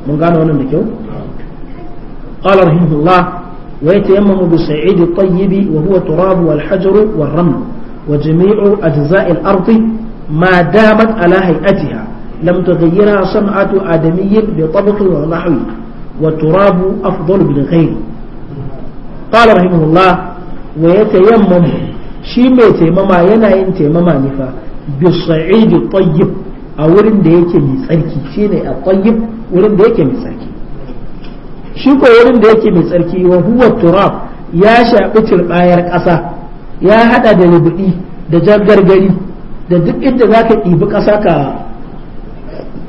mun gane wannan da kyau قال رحمه الله ويتيمم بالصعيد الطيب وهو jami'u والحجر والرمل وجميع أجزاء الأرض ما دامت على هيئتها لم تغيرها صنعة آدمي بطبق ونحوه wa والتراب أفضل من غيره قال رحمه الله ويتيمم shi mai taimama yana yin taimama ne fa bi sa'idi tayyib a wurin da yake mai tsarki shine a tayyib wurin da yake mai tsarki shi ko wurin da yake mai tsarki wa huwa turab ya shafi turbayar ƙasa ya hada da rubuɗi da jagargari da duk inda zaka ɗibi ƙasa ka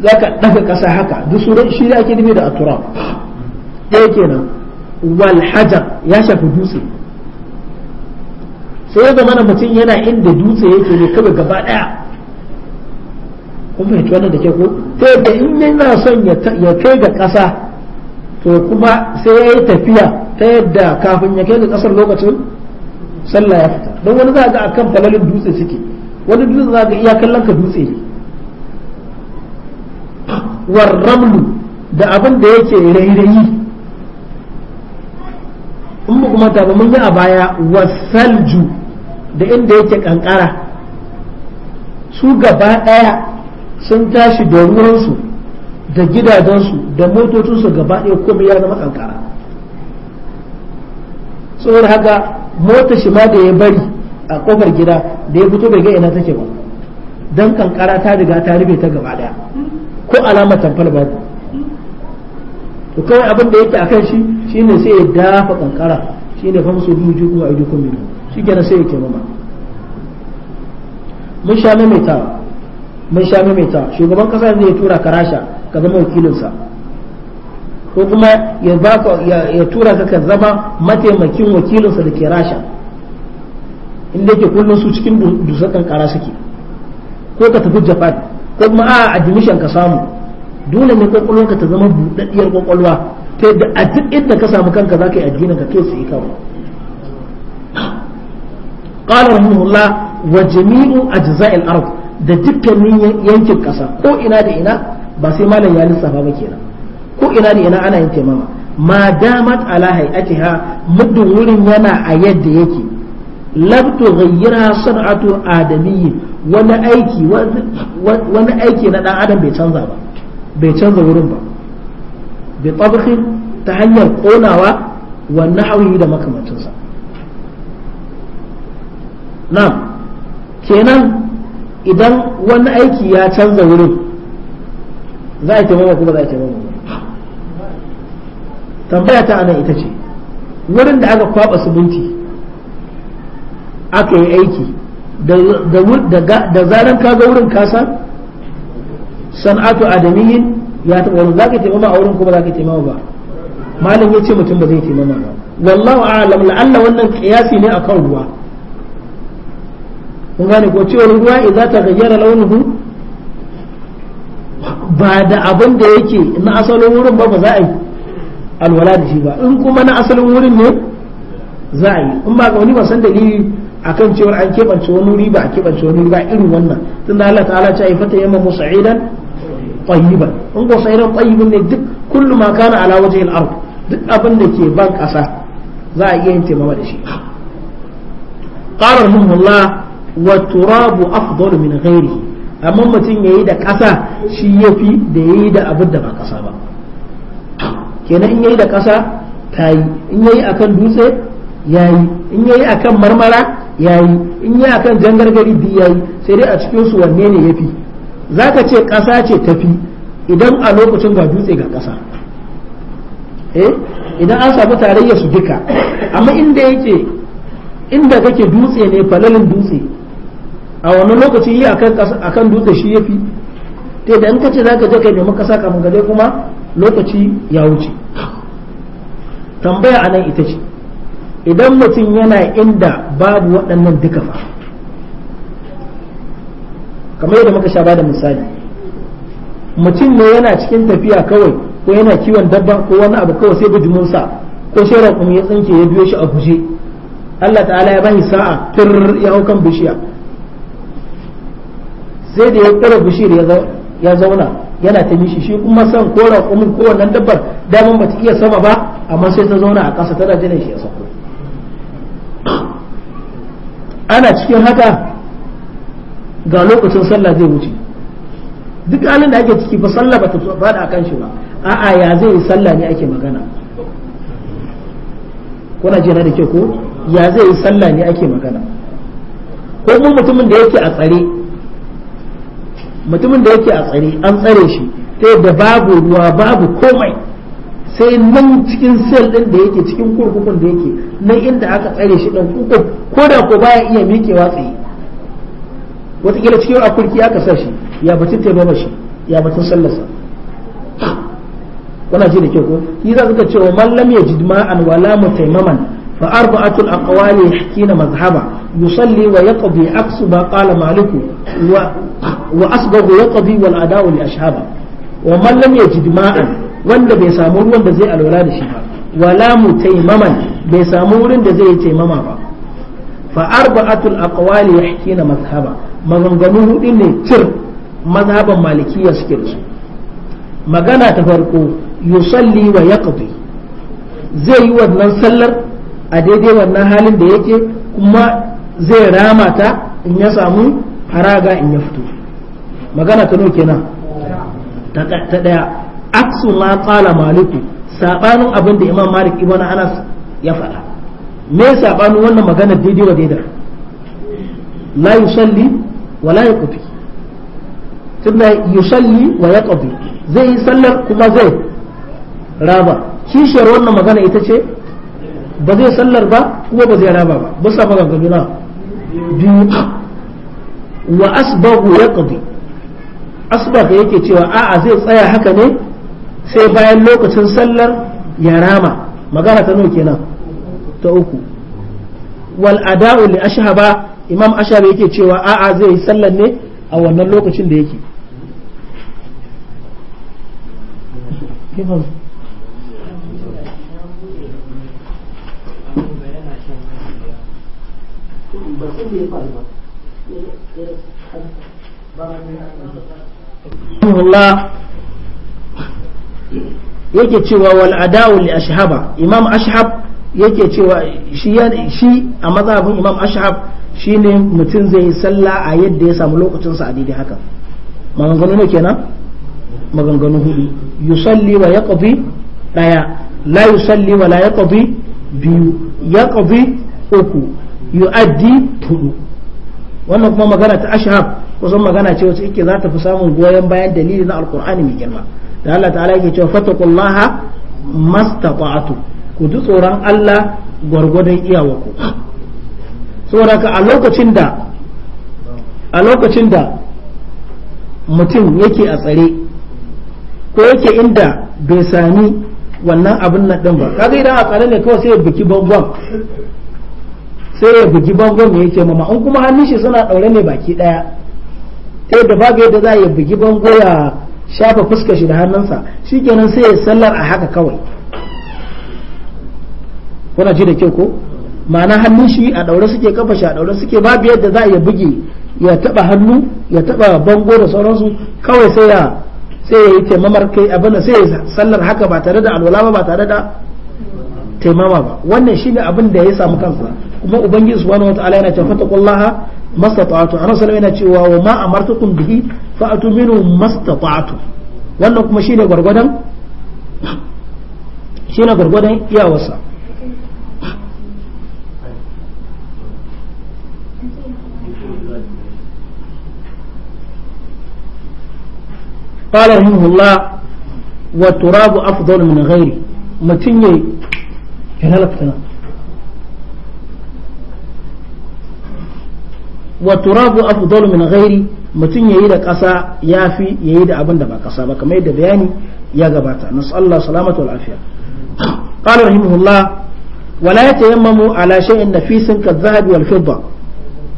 za ka ɗaga ƙasa haka duk su shi da ake nufi da atura ɗaya kenan wal hajar ya shafi dutse sai ya zama mutum yana inda dutse yake ne kawai gaba ɗaya kuma ya wannan da ke ko sai da in yana son ya kai ga ƙasa to kuma sai ya yi tafiya ta yadda kafin ya kai ga ƙasar lokacin sallah ya fita don wani za ga akan falalin dutse suke wani dutse za ga iya kallon ka dutse ne والرمل da abin da yake rairayi in ba kuma ba mun yi a baya wasalju da inda yake kankara su gaba ɗaya sun tashi da ruwansu da gidajensu da motocinsu gaba ɗaya kuma ya zama kankara saboda haka mota shi ma da ya bari a kofar gida da ya fito bai ga ina take ba don kankara ta riga ta rufe ta gaba ɗaya ko alama tamfal babu to kawai abin da yake akan shi shine sai ya dafa kankara shine fa musu duju ko aidu ko mino shi kenan sai ya mama mun sha maimaita mun sha maimaita shugaban kasa zai tura karasha ka zama wakilinsa ko kuma ya ba ya tura ka ka zama mataimakin wakilinsa da ke rasha inda yake kullum su cikin dusar kankara suke ko ka tafi japan ko kuma a admission ka samu dole ne kwakwalwarka ta zama buɗaɗɗiyar kwakwalwa ta yadda a duk inda ka samu kanka za ka yi addinin ka kai ka kawai qala rahimahullah wa jami'u ajza'il ard da dukkanin yankin kasa ko ina da ina ba sai malam ya lissafa ba kenan ko ina da ina ana yin taimama ma damat ala hay'atiha muddin wurin yana a yadda yake labtu ghayyira san'atu adamiyyin wani aiki wani aiki na dan adam bai canza ba bai canza wurin ba bi tabkhin ta hanyar konawa wa nahwi da makamancinsa na'am kenan idan wani aiki ya canza wurin za a taimama kuma za a taimama tambaya ta anan ita ce wurin da aka kwaba subunci aka yi aiki da zaran ka ga wurin kasa san'atu adamiyin ya taɓa wani za ka taimama a wurin kuma za ka taimama ba malam ya ce mutum ba zai taimama ba wallahu a'lam la'alla wannan kiyasi ne akan ruwa kun gane ko cewar ruwa idan ta gayyara launuhu ba da abin da yake na asalin wurin ba ba za a yi alwala da shi ba in kuma na asalin wurin ne za a yi in ba ga wani ba san dalili akan cewar an keɓance wani wuri ba a keɓance wani wuri ba irin wannan tunda Allah ta'ala ta fata yamma musa idan tayyiban in ko sa'idan tayyiban ne duk kullu ma kana ala wajhi al-ard duk abin da ke ban ƙasa za a iya yin taimama da shi qala rahimahullah wa turabu afdalu min ghairihi amma mutum yayi da ƙasa shi yafi da yayi da abin da ba ƙasa ba kenan in yayi da ƙasa ta yi in yayi akan dutse yayi in yayi akan marmara yayi in yi akan jangargari bi yayi sai dai a cikin su wanne ne yafi zaka ce kasa ce tafi idan a lokacin ga dutse ga ƙasa eh idan an samu tarayya su duka amma inda yake inda kake dutse ne falalin dutse a wani lokaci yi akan dutse shi yafi ta yadda in ka ce zaka je ka nemi ƙasa kafin ka je kuma lokaci ya wuce tambaya anan ita ce idan mutum yana inda babu waɗannan duka fa kamar yadda muka sha da misali mutum ne yana cikin tafiya kawai ko yana kiwon dabba ko wani abu kawai sai bujumunsa ko shirar kuma ya tsinke ya biyo shi a guje Allah ta'ala ya bani sa'a tur ya hau kan bishiya sai da ya kura bishiyar ya zauna yana ta mishi shi kuma san ko kuma kowanne dabbar damar ba ta iya sama ba amma sai ta zauna a ƙasa tana jinin shi ya sauko ana cikin haka ga lokacin sallah zai wuce duk halin da ake ciki fa sallah ba bata fada akan shi ba a'a ya zai yi sallah ne ake magana kuna jina da ke ko ya zai yi sallah ne ake magana ko kuma mutumin da yake a tsare mutumin da yake a tsare an tsare shi ta yadda babu ruwa babu komai sai nan cikin sel din da yake cikin kurkukun da yake na inda aka tsare shi dan kuku ko da ko baya iya mikewa tsaye wataƙila cikin akurki aka sa shi ya batun taimama shi ya batun sallarsa kuna ji da kyau ko yi za su ga wa mallam ya an wala mutaimaman fa arba'atul aqwali yahkina mazhaba yusalli wa yaqdi aksu ba qala maliku wa asbaghu yaqdi wal adawu li ashhaba wa mallam ya jidma'an wanda bai samu ruwan da zai alwala da shi ba wala mutaimaman bai samu wurin da zai taimama ba fa arba'atul aqwali yahkina mazhaba maganganu hudu ne cir mazhaban malikiyya suke da su magana ta farko yusalli wa yaqdi zai yi wannan sallar a daidai wannan halin da yake kuma zai rama ta in ya samu haraga in ya fito magana ta nawa kenan ta daya aksu ma tsala maliku sabanin abin da imam malik ibn anas ya faɗa me sabanin wannan magana daidai wa daidai la yusalli wa la yaqdi tunda yusalli wa yaqdi zai yi sallar kuma zai raba kishiyar wannan magana ita ce ba zai sallar ba kuma ba zai raba ba ba sa maganganu na biyu wa asbahu yaqdi asbah yake cewa a'a zai tsaya haka ne sai bayan lokacin sallar ya rama magana ta nuke nan ta uku wal ada'u li ashhaba imam ashaba yake cewa a'a zai yi sallar ne a wannan lokacin da yake Allah yake cewa wal adawu li ashhaba imam ashhab yake cewa shi shi a mazhabin imam ashhab shine mutum zai yi sallah a yadda ya samu lokacin sa a daidai haka maganganu ne kenan maganganu hudu yusalli wa yaqdi daya la yusalli wa la yaqdi biyu yaqdi uku yu'addi hudu wannan kuma magana ta ashhab kusan magana ce wacce yake za ta fi samun goyon bayan dalili na alqur'ani mai girma da Allah ta'ala yake cewa fatakullaha mastata'tu ku ji tsoron Allah gwargwadon iyawarku saboda ka a lokacin da a lokacin da mutum yake a tsare ko yake inda bai sami wannan abin nan din ba kaga idan a tsare ne kawai sai ya buki bangon sai ya buki bangon ne yake mama in kuma hannun shi suna ɗaure ne baki ɗaya. ta yadda babu yadda za a yi buki bangon ya shafa fuskar shi da hannunsa shikenan sai ya sallar a haka kawai kuna ji da kyau ko ma'ana hannun shi a daure suke kafa shi a daure suke babu yadda za a iya buge ya taba hannu ya taba bango da sauransu kawai sai ya sai ya yi taimamar kai abin da sai ya sallar haka ba tare da alwala ba tare da taimama ba wannan shine abin da ya samu kansa kuma ubangiji subhanahu wataala yana cewa kullaha. mastata'tu annabi sallallahu yana cewa wa ma amartukum bihi fa atu minhu mastata'tu wannan kuma shine gwargwadon shine gwargwadon iyawarsa قال رحمه الله والتراب أفضل من غيره متن يهلك تنا wa turabu afdal min mutum ya yi da kasa yafi yayi da abin da ba kasa ba kamar yadda bayani ya gabata nasalla salamatu wal afiya qala rahimahullah wala yatayammamu ala shay'in nafisin ka dhahab wal fidda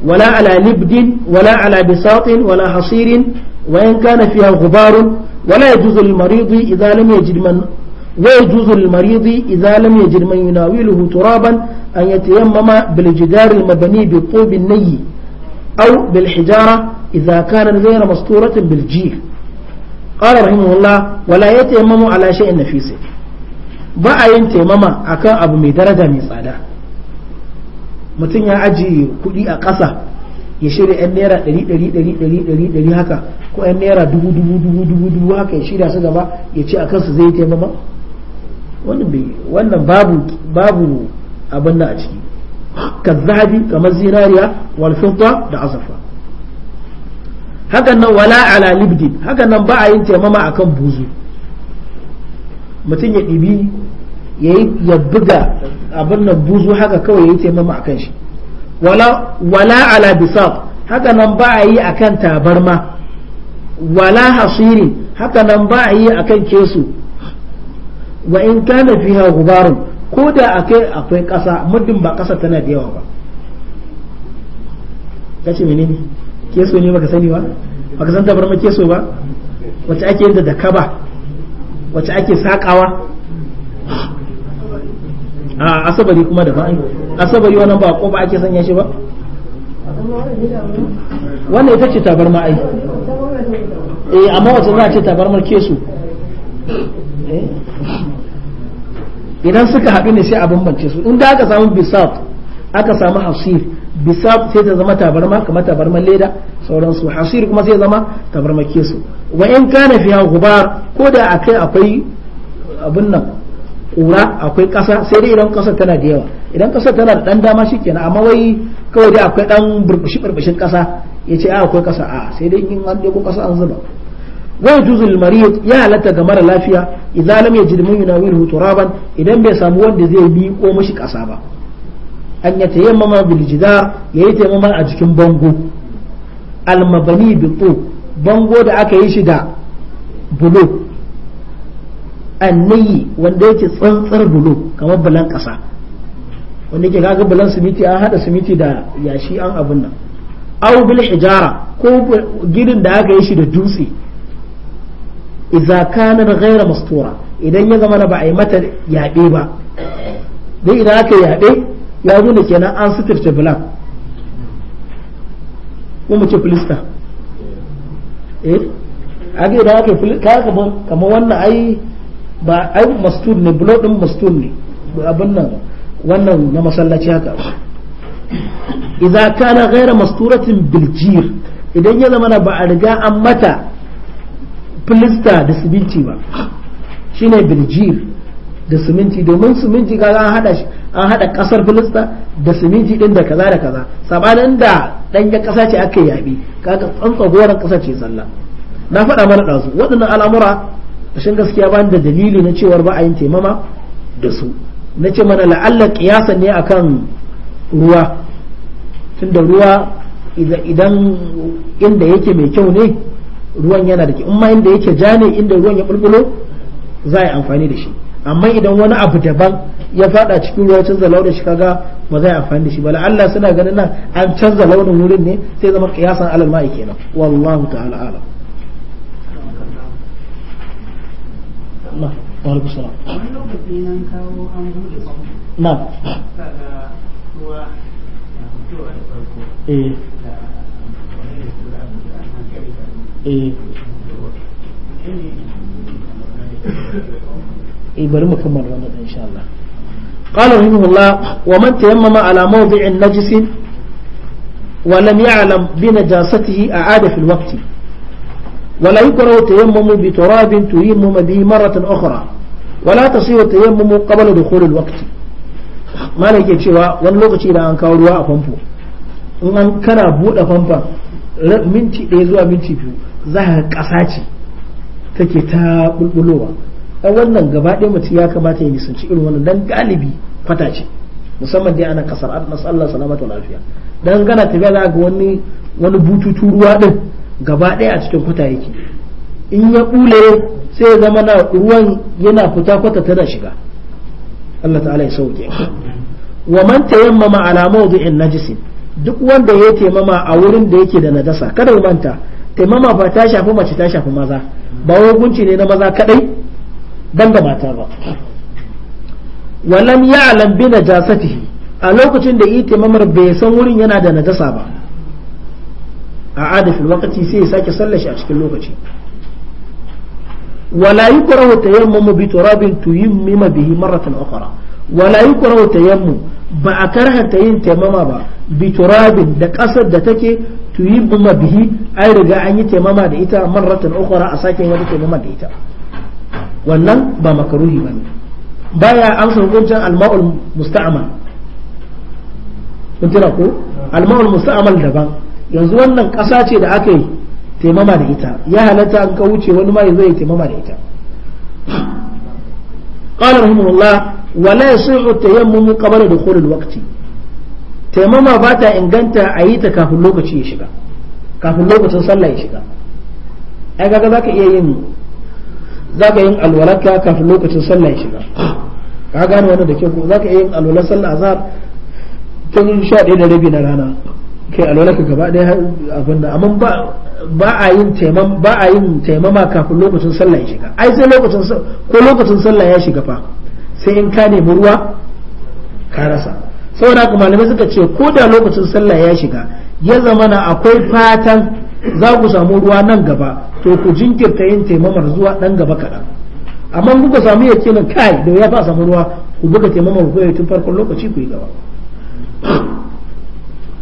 wala ala libdin wala ala bisatin wala hasirin wa in kana fiha ghubar wala yajuzu lil maridi idha lam yajid man wa yajuzu lil turaban an yatayammama bil jidar al mabni bi tub أو بالحجارة إذا كان غير مستورة بالجيل قال رحمه الله ولا يتيمم على شيء نفيس ba a yin taimama akan abu mai daraja mai tsada mutum ya ajiye kuɗi a ƙasa ya shirya 'yan naira ɗari ɗari ɗari haka ko 'yan naira dubu dubu haka ya shirya su gaba ya ce a kansu zai taimama wannan babu abin nan a ciki كالذهب كما الزناريا والفضة دا أزفا هكذا ولا على لبد هكذا باع ينتي ماما أكم بوزو متين يبي يبقى أبنى بوزو هكذا كوي ينتي ماما أكم شي ولا ولا على بساط هكذا باع يي أكم تابرما ولا حصير هكذا باع يي أكم كيسو وإن كان فيها غبار ko da akai akwai ƙasa muddin ba ƙasa tana da yawa ba kace menene keso ne baka sani ba baka san tabarma keso ba wacce ake yin da kaba wacce ake sakawa a asabari kuma da ba'ai asabari wannan ba ko ba ake sanya shi ba wannan ita ce tabarma ai eh amma wacce za a ce tabarmar keso eh? idan suka haɗu ne sai a bambance su in da aka samu bisaf aka samu hasir bisaf sai ta zama tabarma kamar tabarman leda sauransu hasir kuma sai zama tabarma kesu wa in kana fiya gubar ko da akai akwai abin nan kura akwai ƙasa sai dai idan ƙasar tana da yawa idan ƙasar tana da ɗan dama shikenan amma wai kawai dai akwai ɗan burbushi burbushin ƙasa ya ce a ah, akwai ƙasa a sai dai in an ɗebo ƙasa an zuba waye tuzuri ma rihet ya halatta gama da lafiya idan zan iya jirgin min na idan bai samu wanda zai bi ko mashi kasa ba. an yi taimamawa biljida ya yi taimamawa a cikin bango. alma bani biɗo bango da aka yi shi da bulok annayi wanda yake tsantsar bulok kamar balan kasa wanda ke ka ga balan an haɗa siminti da yashi an abin nan. au bil xijara ko ginin da aka yi shi da dutse. idza kana ghayra mastura idan ya zama ba a yi mata yaɓe ba dai idan aka yaɓe ya nuna kenan an suturce bulan kuma mu ce filista eh aka idan aka ka kamar kamar wannan ai ba ai mastur ne bulo din mastur ne abin nan wannan na masallaci haka idza kana ghayra masturatin biljir idan ya zama ba a riga an mata filista da siminti ba shine birjir da siminti domin siminti kaga an hada hada kasar filista da siminti din da kaza da kaza sabanin da danya kasa ce aka yabi kaga tsantsagoran kasa ce sallah na faɗa mana ɗazu waɗannan al'amura shin gaskiya ba da dalili na cewar ba a yin taimama da su na ce mana la'alla kiyasan ne akan ruwa tunda ruwa idan inda yake mai kyau ne ruwan yana da ke in ma inda yake ja ne inda ruwan ya bulbulo za a yi amfani da shi amma idan wani abu daban ya fada cikin ruwa canza launin shi kaga ba za a yi amfani da shi ba Allah suna ganin nan an canza launin wurin ne sai zama kiyasan alal ma'i kenan wallahu ta'ala alam na na eh bari mu kammala wannan insha Allah قال رحمه الله ومن تيمم على موضع نجس ولم يعلم بنجاسته أعاد في الوقت ولا يكره التيمم بتراب تيمم به مرة أخرى ولا تصير التيمم قبل دخول الوقت ما لك يتشوى ونلوك إلى أن كوروا أفنفو إن كان بوء أفنفا minti ɗaya zuwa minti biyu za ka ƙasa ce take ta bulbulowa dan wannan gaba ɗaya mutum ya kamata ya nisanci irin wannan dan galibi kwata ce musamman dai ana kasar an Allah salamatu lafiya dan gana tafiya za ga wani wani bututu ruwa ɗin gaba ɗaya a cikin kwata yake in ya ɓule sai ya zama na ruwan yana fita kwata tana shiga Allah ta'ala ya sauke wa man tayammama ala mawdi'in najisin duk wanda ya taimama a wurin da yake da najasa kada manta taimama ba ta shafi mace ta shafi maza ba hukunci ne na maza kadai dan da mata ba walam ya'lam bi najasatihi a lokacin da yi mamar bai san wurin yana da najasa ba a adafin lokaci sai ya sake sallashi a cikin lokaci wala yukrahu tayammumu bi turabin tuyammima bihi maratan ukhra wala yukrahu tayammum ba a karhanta yin taimama ba bi turabin da kasar da take tuyibba bihi ai riga an yi taimama da ita marratan ukhra a sake wani taimama da ita wannan ba makaruhi bane baya amsa hukuncin alma'ul musta'mal kun tira ko alma'ul musta'mal daban yanzu wannan ƙasa ce da aka yi taimama da ita ya halatta an ka wuce wani ma zai taimama da ita qala rahimahullah wala yasihu tayammum qabla dukhul alwaqti taimama ba ta inganta a yi ta kafin lokaci ya shiga kafin lokacin sallah ya shiga ai kaga ka iya yin za ka yin alwalaka kafin lokacin sallah ya shiga ka gane wani da kyau ka iya yin alwalar sallah azhar tun sha ɗaya da rabi na rana kai alwalaka gaba ɗaya abin da amma ba ba a yin taimam ba a yin taimama kafin lokacin sallah ya shiga ai sai lokacin ko lokacin sallah ya shiga fa sai in ka nemi ruwa ka rasa saboda haka malamai suka ce ko da lokacin sallah ya shiga ya zamana akwai fatan za ku samu ruwa nan gaba to ku jinkirta yin taimamar zuwa dan gaba kaɗan amma kuka samu yakinin kai da ya fa samu ruwa ku buga taimamar ku tun farkon lokaci ku yi gaba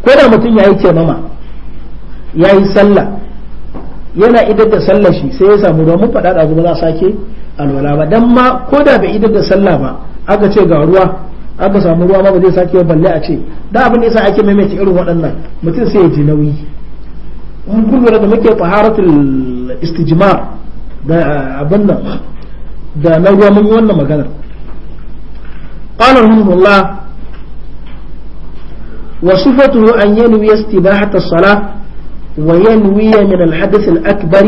ko da mutum ya yi taimama ya yi sallah yana idar da sallah shi sai ya samu ruwa mun faɗa da za a sake alwala ba dan ma ko da bai idar da sallah ba aka ce ga ruwa aka samu ruwa ma ba zai sake balle a ce da abin yasa ake maimaita irin waɗannan mutum sai ya ji nauyi mun kullura da muke taharatul istijmar da abin nan da na ruwa mun yi wannan magana. qala rahimahullah wa sifatuhu an yanwi istibahata as-salah wa yanwi min al-hadath al-akbar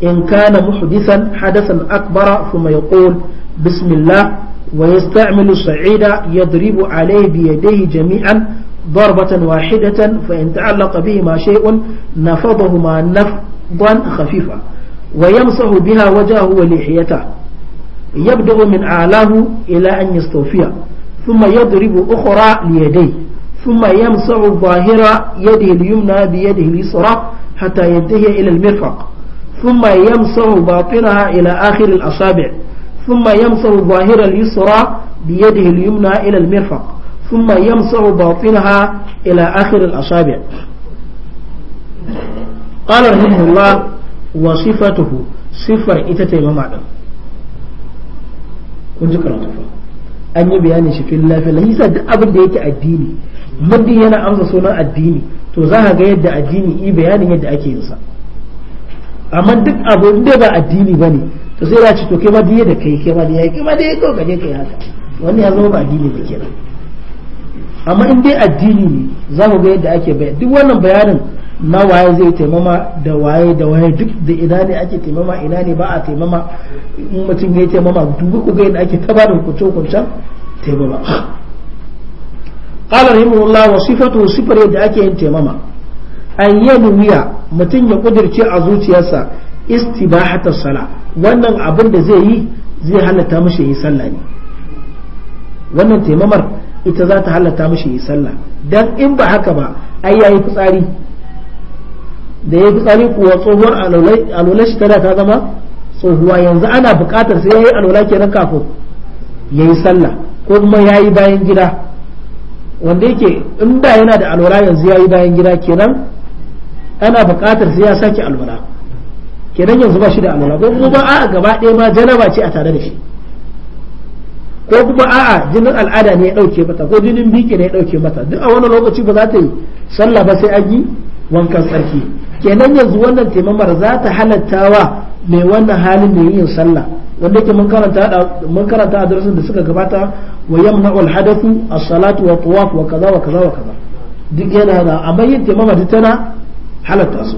in kana muhdithan hadathan akbara thumma yaqul bismillah ويستعمل الصعيد يضرب عليه بيديه جميعا ضربة واحدة فإن تعلق بهما شيء نفضهما نفضا خفيفا ويمسح بها وجهه ولحيته يبدأ من أعلاه إلى أن يستوفيه ثم يضرب أخرى ليديه ثم يمسح ظاهر يده اليمنى بيده اليسرى حتى ينتهي إلى المرفق ثم يمسح باطنها إلى آخر الأصابع ثم يمسح ظاهر اليسرى بيده اليمنى إلى المرفق ثم يمسح باطنها إلى آخر الأصابع قال رحمه الله وصفته صفر إتتي ممعنا kun ji karatu fa an yi bayanin shi fil lafi duk abin da yake addini muddin yana amsa sunan addini to za ka ga yadda addini i bayanin yadda ake yinsa sa amma duk abu da ba addini bane to sai ya ce to kai ma diye da kai kai ma diye kai ma diye to kaje kai haka wannan ya zama ba addini ne kenan amma in dai addini ne za mu ga yadda ake bayani duk wannan bayanin na waye zai taimama da waye da waye duk da ina ne ake taimama ina ne ba a taimama in mutum ya taimama duk ku ga yadda ake ta bada hukunce hukuncen taimama qala rahimahullah wa sifatu sifar yadda ake yin taimama an yanwiya mutum ya kudirce a zuciyarsa istibahata sala wannan abin da zai yi zai halatta mishi yi sallah ne wannan taimamar ita za ta halatta mishi yi sallah dan in ba haka ba ai yayi fitsari da yayi fitsari kuwa tsohuwar alwala shi tada ta zama tsohuwa yanzu ana buƙatar sai yayi alwala kenan kafin yayi sallah ko kuma yayi bayan gida wanda yake in da yana da alwala yanzu yayi bayan gida kenan ana buƙatar sai ya sake alwala kenan yanzu ba shi da amana ko kuma a'a gaba ɗaya ma janaba ce a tare da shi ko kuma a'a jinin al'ada ne ya ɗauke mata ko jinin biki ne ya ɗauke mata duk a wannan lokaci ba za ta yi sallah ba sai an yi wankan tsarki kenan yanzu wannan taimamar za ta halatta wa mai wannan halin da yin sallah wanda ke mun karanta a darasin da suka gabata wa wal hadafu as-salatu wa tawaf wa kaza wa kaza wa kaza duk yana da amma yin taimama tana halatta su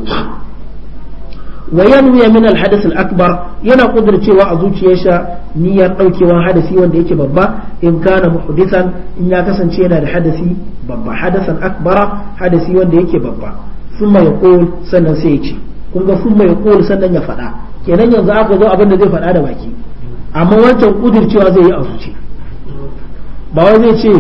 wa yanwiya min al-hadath akbar yana kudircewa a zuciyarsa niyyar daukewa hadasi wanda yake babba in kana muhdithan in ya kasance yana da hadasi babba hadasan akbara hadasi wanda yake babba thumma yaqul sannan sai ya ce kun ga thumma yaqul sannan ya faɗa kenan yanzu aka zo abin da zai faɗa da baki amma wancan kudurcewa zai yi a zuci ba wai zai ce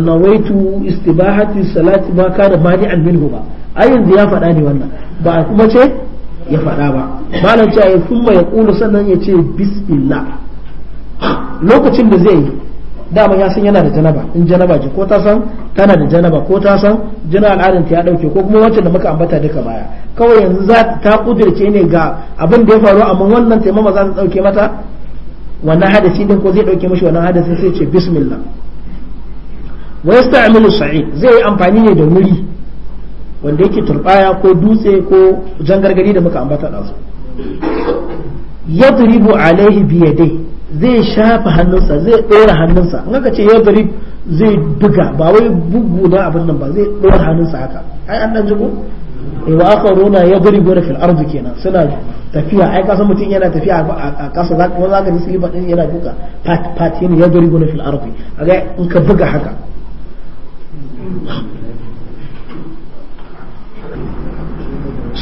nawaitu istibahati salati ma kana mani'an minhu ba ai yanzu ya faɗa ne wannan ba kuma ce ya faɗa ba malam cewa ya kuma ya ƙulu sannan ya ce bismillah lokacin da zai yi dama ya san yana da janaba in janaba ce ko ta san tana da janaba ko ta san jina al'adar ta ya dauke ko kuma wancan da muka ambata duka baya kawai yanzu za ta kudirce ne ga abin da ya faru amma wannan taimama za ta dauke mata wannan hadisi din ko zai dauke mishi wannan hadasin sai ce bismillah wa yasta'milu sa'id zai yi amfani ne da wuri wanda yake turbaya ko dutse ko jangargari da muka ambata da su yadribu alaihi biyade zai shafa hannunsa zai ɗora hannunsa in aka ce yadrib zai buga ba wai bugu na abin nan ba zai ɗora hannunsa haka ai an dan jigo eh wa akharuna yadribuna fil ardi kenan suna tafiya ai kasan mutum yana tafiya a kasa za ka zaka ji silifa din yana buga pat pat yana yadribuna fil ardi aga in ka buga haka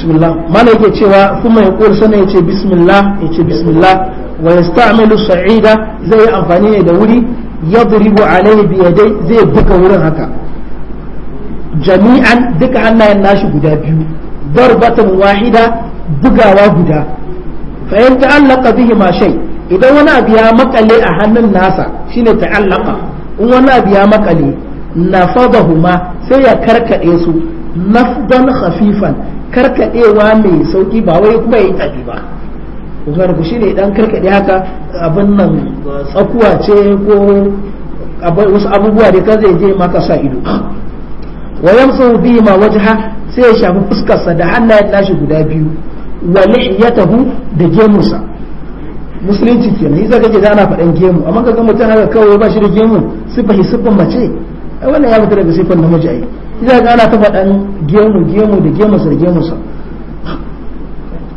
bismillah mana yake cewa kuma ya kula sana yace bismillah yace bismillah wa yasta'milu sa'ida zai yi amfani ne da wuri yadribu alaihi bi dai zai buga wurin haka jami'an duka hannayen nashi guda biyu darbatan wahida bugawa guda fa in ta'allaqa bihi ma shay idan wani abu ya makale a hannun nasa shine ta'allaqa in wani abu ya makale nafadahuma sai ya karkade su nafdan khafifan karkadewa mai sauki ba wai kuma ya tafi ba kusurar ku ne dan karkade haka abin nan tsakuwa ce ko wasu abubuwa da kaza je maka sa ido wa yamsu bi ma wajha sai ya shafi fuskarsa da hannayen tashi guda biyu wa tahu da gemusa musulunci kenan yasa kace da ana faɗan gemu amma ga mutum haka kawai ba shi da gemu sifahi sifan mace ai wannan ya fita daga sifan namiji ai zai ga ana ta faɗan gemu gemu da gemu sa gemu sa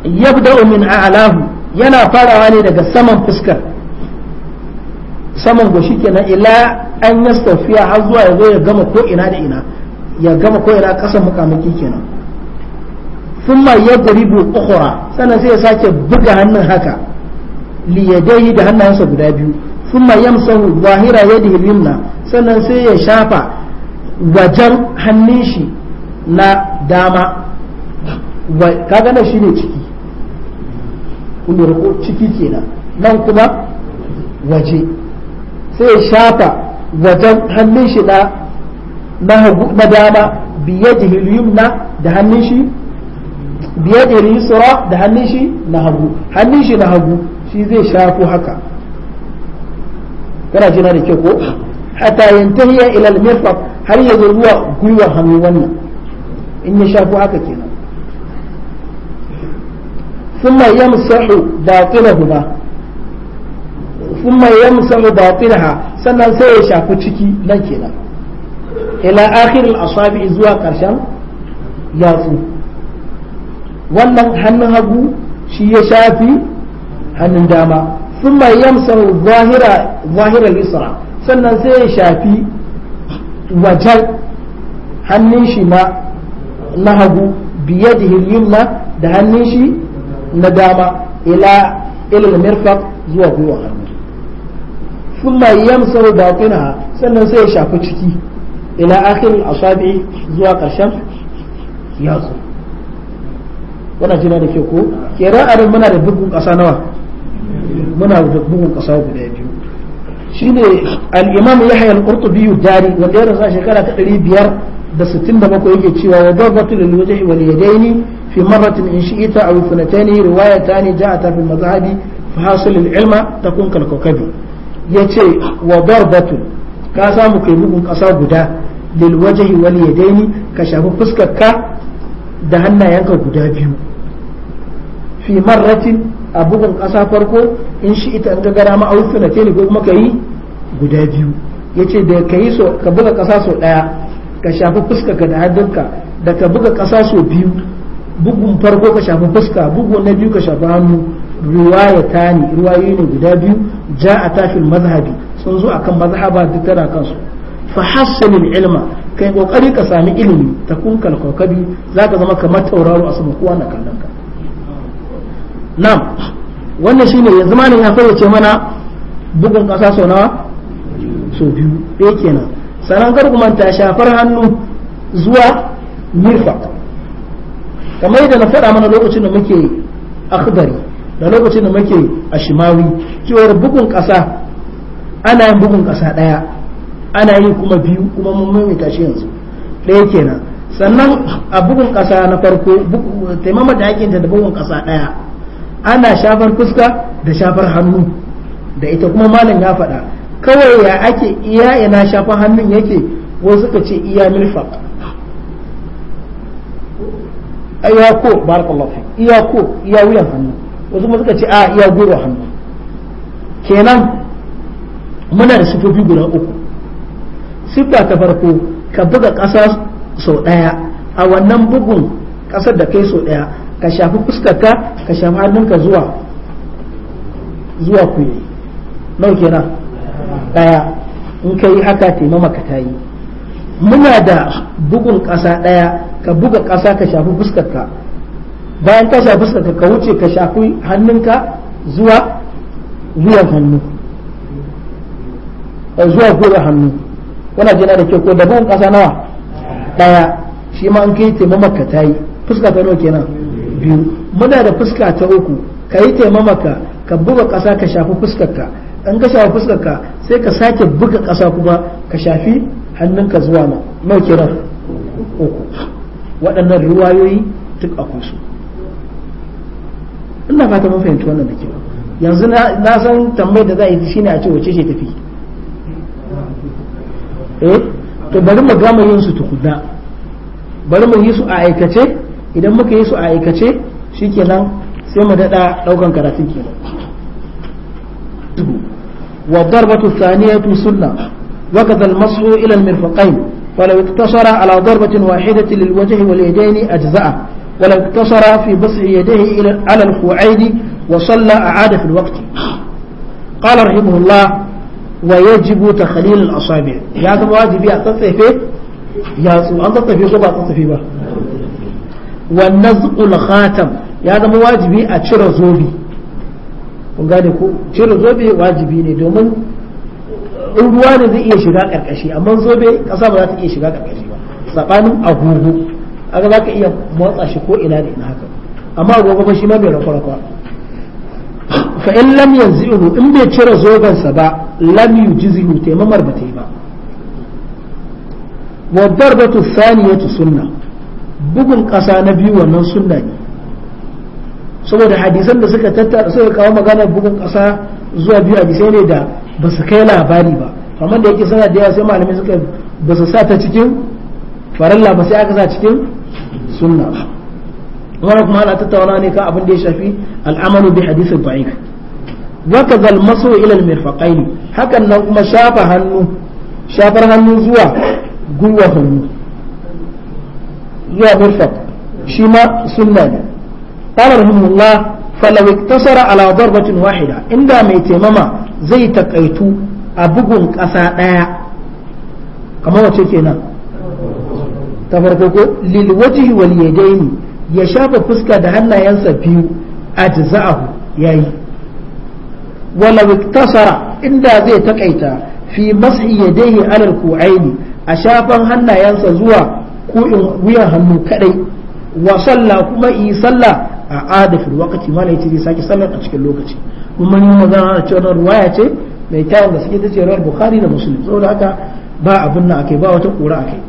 yabda'u min a'lahu yana farawa ne daga saman fuskar saman goshi kenan ila an yastafiya har zuwa ya zo ya gama ko ina da ina ya gama ko ina kasan mukamaki kenan thumma yadribu ukhra sannan sai ya sake buga hannun haka liyadai da hannayensa guda biyu thumma yamsahu zahira yadihi limna sannan sai ya shafa wajen hannun shi na dama kaga shi shine ciki ko ciki kenan nan kuma waje sai ya shafa wajen hannun shi na na dama da al-yumna da hannun shi biyadihi al-yusra da hannun shi na hagu hannun shi na hagu shi zai shafo haka kana jina da kyau ko hatta yantahiya ila al-mirfaq har ya zo zuwa hannu wannan in ya shafu haka kenan thumma yamsahu batilahuma thumma yamsahu batilaha sannan sai ya shafi ciki nan kenan ila akhir al-asabi zuwa karshen yatsu wannan hannun hagu shi ya shafi hannun dama thumma yamsahu zahira zahira al-isra sannan sai ya shafi wajen hannun shi na hagu biyadihi ma da hannun shi na dama ila ilal mirfaq zuwa gwiwa hannu thumma yamsahu batinaha sannan sai ya shafi ciki ila akhir asabi zuwa karshen yatsu wannan jina da ke ko arin muna da bugun kasa nawa muna da bugun kasa guda biyu shine al-imam yahya al-qurtubi dari wanda ya rasa shekara ta 567 yake cewa wa dawatu lil wajhi wal yadaini fi marratin in shi'ita aw funatani riwayatani ja'ata fi mazhabi fa hasil al-ilma takun kal kawkabi yace wa darbatu ka samu kai bugun kasa guda lil wajhi wal yadaini ka shafi ka da hannayenka guda biyu fi marratin a bugun ƙasa farko in shi ita ga gara ma auki na teni ko kuma ka yi guda biyu ya ce da ka yi so ka buga ƙasa so ɗaya ka shafi fuska ka da hannunka da ka buga ƙasa so biyu bugun farko ka shafi fuska bugu na biyu ka shafi hannu riwaya tani riwayoyi ne guda biyu ja a tafin mazhabi sun zo akan mazhaba duk tana kansu fa hassanin ilma kai kokari ka sami ilimi ta kunkal kokabi zaka zama kamar tauraro a sama kowa na kallon ka nam wannan shine yanzu ne ya ce mana bugun kasa sau nawa sau biyu ɗaya eh kenan sannan kar kuma ta shafar hannu zuwa mirfa kamar yadda na faɗa mana lokacin da muke akhbari da lokacin da muke a shimawi cewar bugun ƙasa ana yin bugun ƙasa ɗaya ana yi kuma biyu kuma mun maimaita shi yanzu ɗaya kenan sannan a bugun ƙasa na farko taimama da ake da bugun ƙasa ɗaya ana shafar fuska da shafar hannu da ita kuma malam ya faɗa kawai ya ake iya ina shafar hannun yake wasu suka ce iya milfaq iya ko barakallahu iya ko iya wuyan hannu wasu kuma suka ce a iya goro hannu kenan muna da sifofi guda uku siffa ta farko ka buga ƙasa sau ɗaya a wannan bugun ƙasar da kai sau ɗaya ka shafi fuskarka ka shafi hannunka zuwa zuwa kuyi nau kenan daya in ka yi haka taimama ka ta yi muna da bugun ƙasa ɗaya ka buga ƙasa ka shafi fuskarka bayan ka shafi fuskarka ka wuce ka shafi hannunka zuwa zuwan hannu eh, zuwa goyon hannu wana jina da ke ko da bugun ƙasa nawa ɗaya shi ma an kai taimama ka ta yi fuska ta nawa kenan biyu muna da fuska ta uku ka yi taimamaka ka buga ƙasa ka shafi fuskarka in ka shafi fuskarka sai ka sake buga ƙasa kuma ka shafi hannunka zuwa ma mai kiran uku waɗannan ruwayoyi duk a kusu ina fata mun fahimci wannan da kyau yanzu na san tambayar da za a yi shine a ce wace ce tafi eh to bari mu gama yin su tukuna bari mu yi su a aikace idan muka yi su a aikace shikenan sai mu daɗa ɗaukan karatun kenan wa darbatu thaniyatu sunna wa kadha al-mashu ila al-mirfaqayn falaw iktasara fi bas'i yadayhi ila ala al-qu'aid wa salla a'ada fi wajibi a tsatsafe ya an tsatsafe ko ba tsatsafe ba wannan naz'ul khatam ya zama wajibi a cire zobe kun gane ko cire zobe wajibi ne domin in ruwa ne zai iya shiga karkashi amma zobe kasa ba za ta iya shiga karkashi ba sabanin agogo aga za ka iya motsa shi ko ina da ina haka amma agogo ba shi ma bai rakwa fa in lam yanzihu in bai cire zoben sa ba lam yujzihu taimamar ba ta yi ba wa darbatu thaniyatu sunnah bugun ƙasa na biyu wannan sunna ne saboda hadisan da suka tattara suka kawo maganar bugun ƙasa zuwa biyu hadisai ne da ba su kai labari ba amma da yake sana da yawa sai malamai suka ba su sa ta cikin farilla ba sai aka sa cikin sunna wannan kuma ana tattauna ne kan abin da ya shafi al'amalu bi hadisin da'if وكذا المسو الى hakan nan kuma shafa hannu shafar hannu zuwa gurwa hannu zuwa murfat shi ma sunna ne qala rahimullah falau iktasara ala darbatin wahida inda mai taimama zai taƙaitu a bugun ƙasa ɗaya kamar wace kenan ta farko ko lil wal yadaini ya shafa fuska da hannayensa biyu ajza'ahu yayi wala iktasara inda zai taƙaita fi mashi yadayhi ala al-ku'aini a shafan hannayensa zuwa ko wuyan hannu kadai wa sallah kuma yi sallah a adafin wakati ma ne ciri sake sallar a cikin lokaci kuma ni magana na ruwa ruwaya ce mai kyawun da suke ta ce bukhari da muslim saboda haka ba abin nan akai ba wata kura akai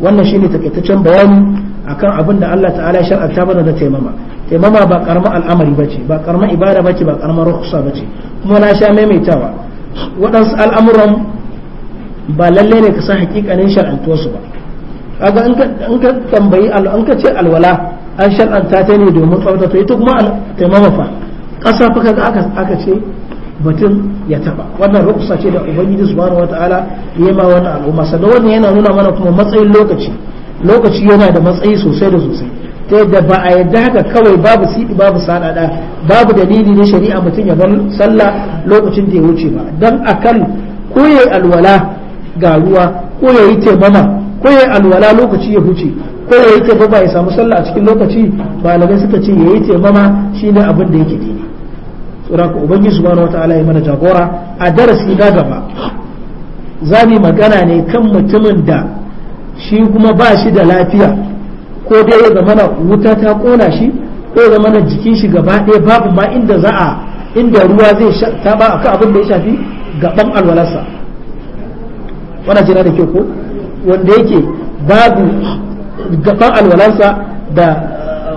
wannan shine takaitaccen bayani akan abin da Allah ta'ala ya shar'anta mana da taimama taimama ba karamar al'amari bace ba karamar ibada bace ba karamar rukhsa bace kuma na sha maimaitawa waɗansu al'amuran ba lalle ne ka san hakikanin shar'antuwarsu ba kaga an ka tambayi an ka ce alwala an shar'anta ta ne domin to ita kuma taimama fa kasa fa kaga aka ce batun ya taba wannan ruksa ce da ubangiji subhanahu wataala ya ma wannan al'umma sannan wannan yana nuna mana kuma matsayin lokaci lokaci yana da matsayi sosai da sosai ta yadda ba a yadda haka kawai babu siɗi babu sadada babu dalili na shari'a mutum ya bar sallah lokacin da ya wuce ba dan a kan yayi alwala ga ruwa ko yayi taimama ko ya alwala lokaci ya huce ko ya yi ba ya samu sallah a cikin lokaci malamai suka ce ya yi shi ne abin da yake dini tsoron ka ubangiji subhanahu wataala ya mana jagora a darasi na gaba za mu magana ne kan mutumin da shi kuma ba shi da lafiya ko dai ya zamana wuta ta kona shi ko ya zamana jikin shi gaba ɗaya babu ma inda za a inda ruwa zai taɓa akan abin da ya shafi gaban alwalarsa wannan jira da ke ko wanda yake babu gaban alwalansa da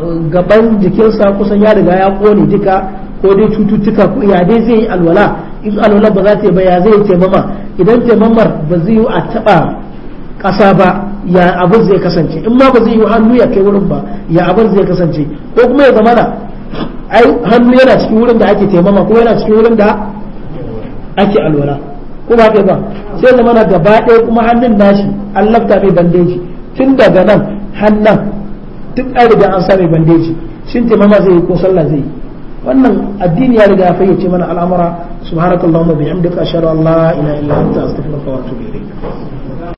uh, gaban jikinsa kusan ya riga ya kone duka ko dai cututtuka ko ya dai zai yi alwala in alwala ba za ta yi ba ya zai taimama idan taimamar ba zai yi a taɓa ƙasa ba ya abin zai kasance in ma ba zai yi hannu ya kai wurin ba ya abin zai kasance ko kuma ya zamana ai hannu yana cikin wurin da ake taimama ko yana cikin wurin da ake alwala ko ba ka ba sai da mana gaba ɗaya kuma hannun nashi an lafta mai bandeji tun daga nan hannan duk an riga an sa mai bandeji shin mama zai yi ko sallah zai yi wannan addini ya riga ya fayyace mana al'amura subhanakallahumma bihamdika ashhadu an la ilaha illa anta astaghfiruka wa atubu ilayk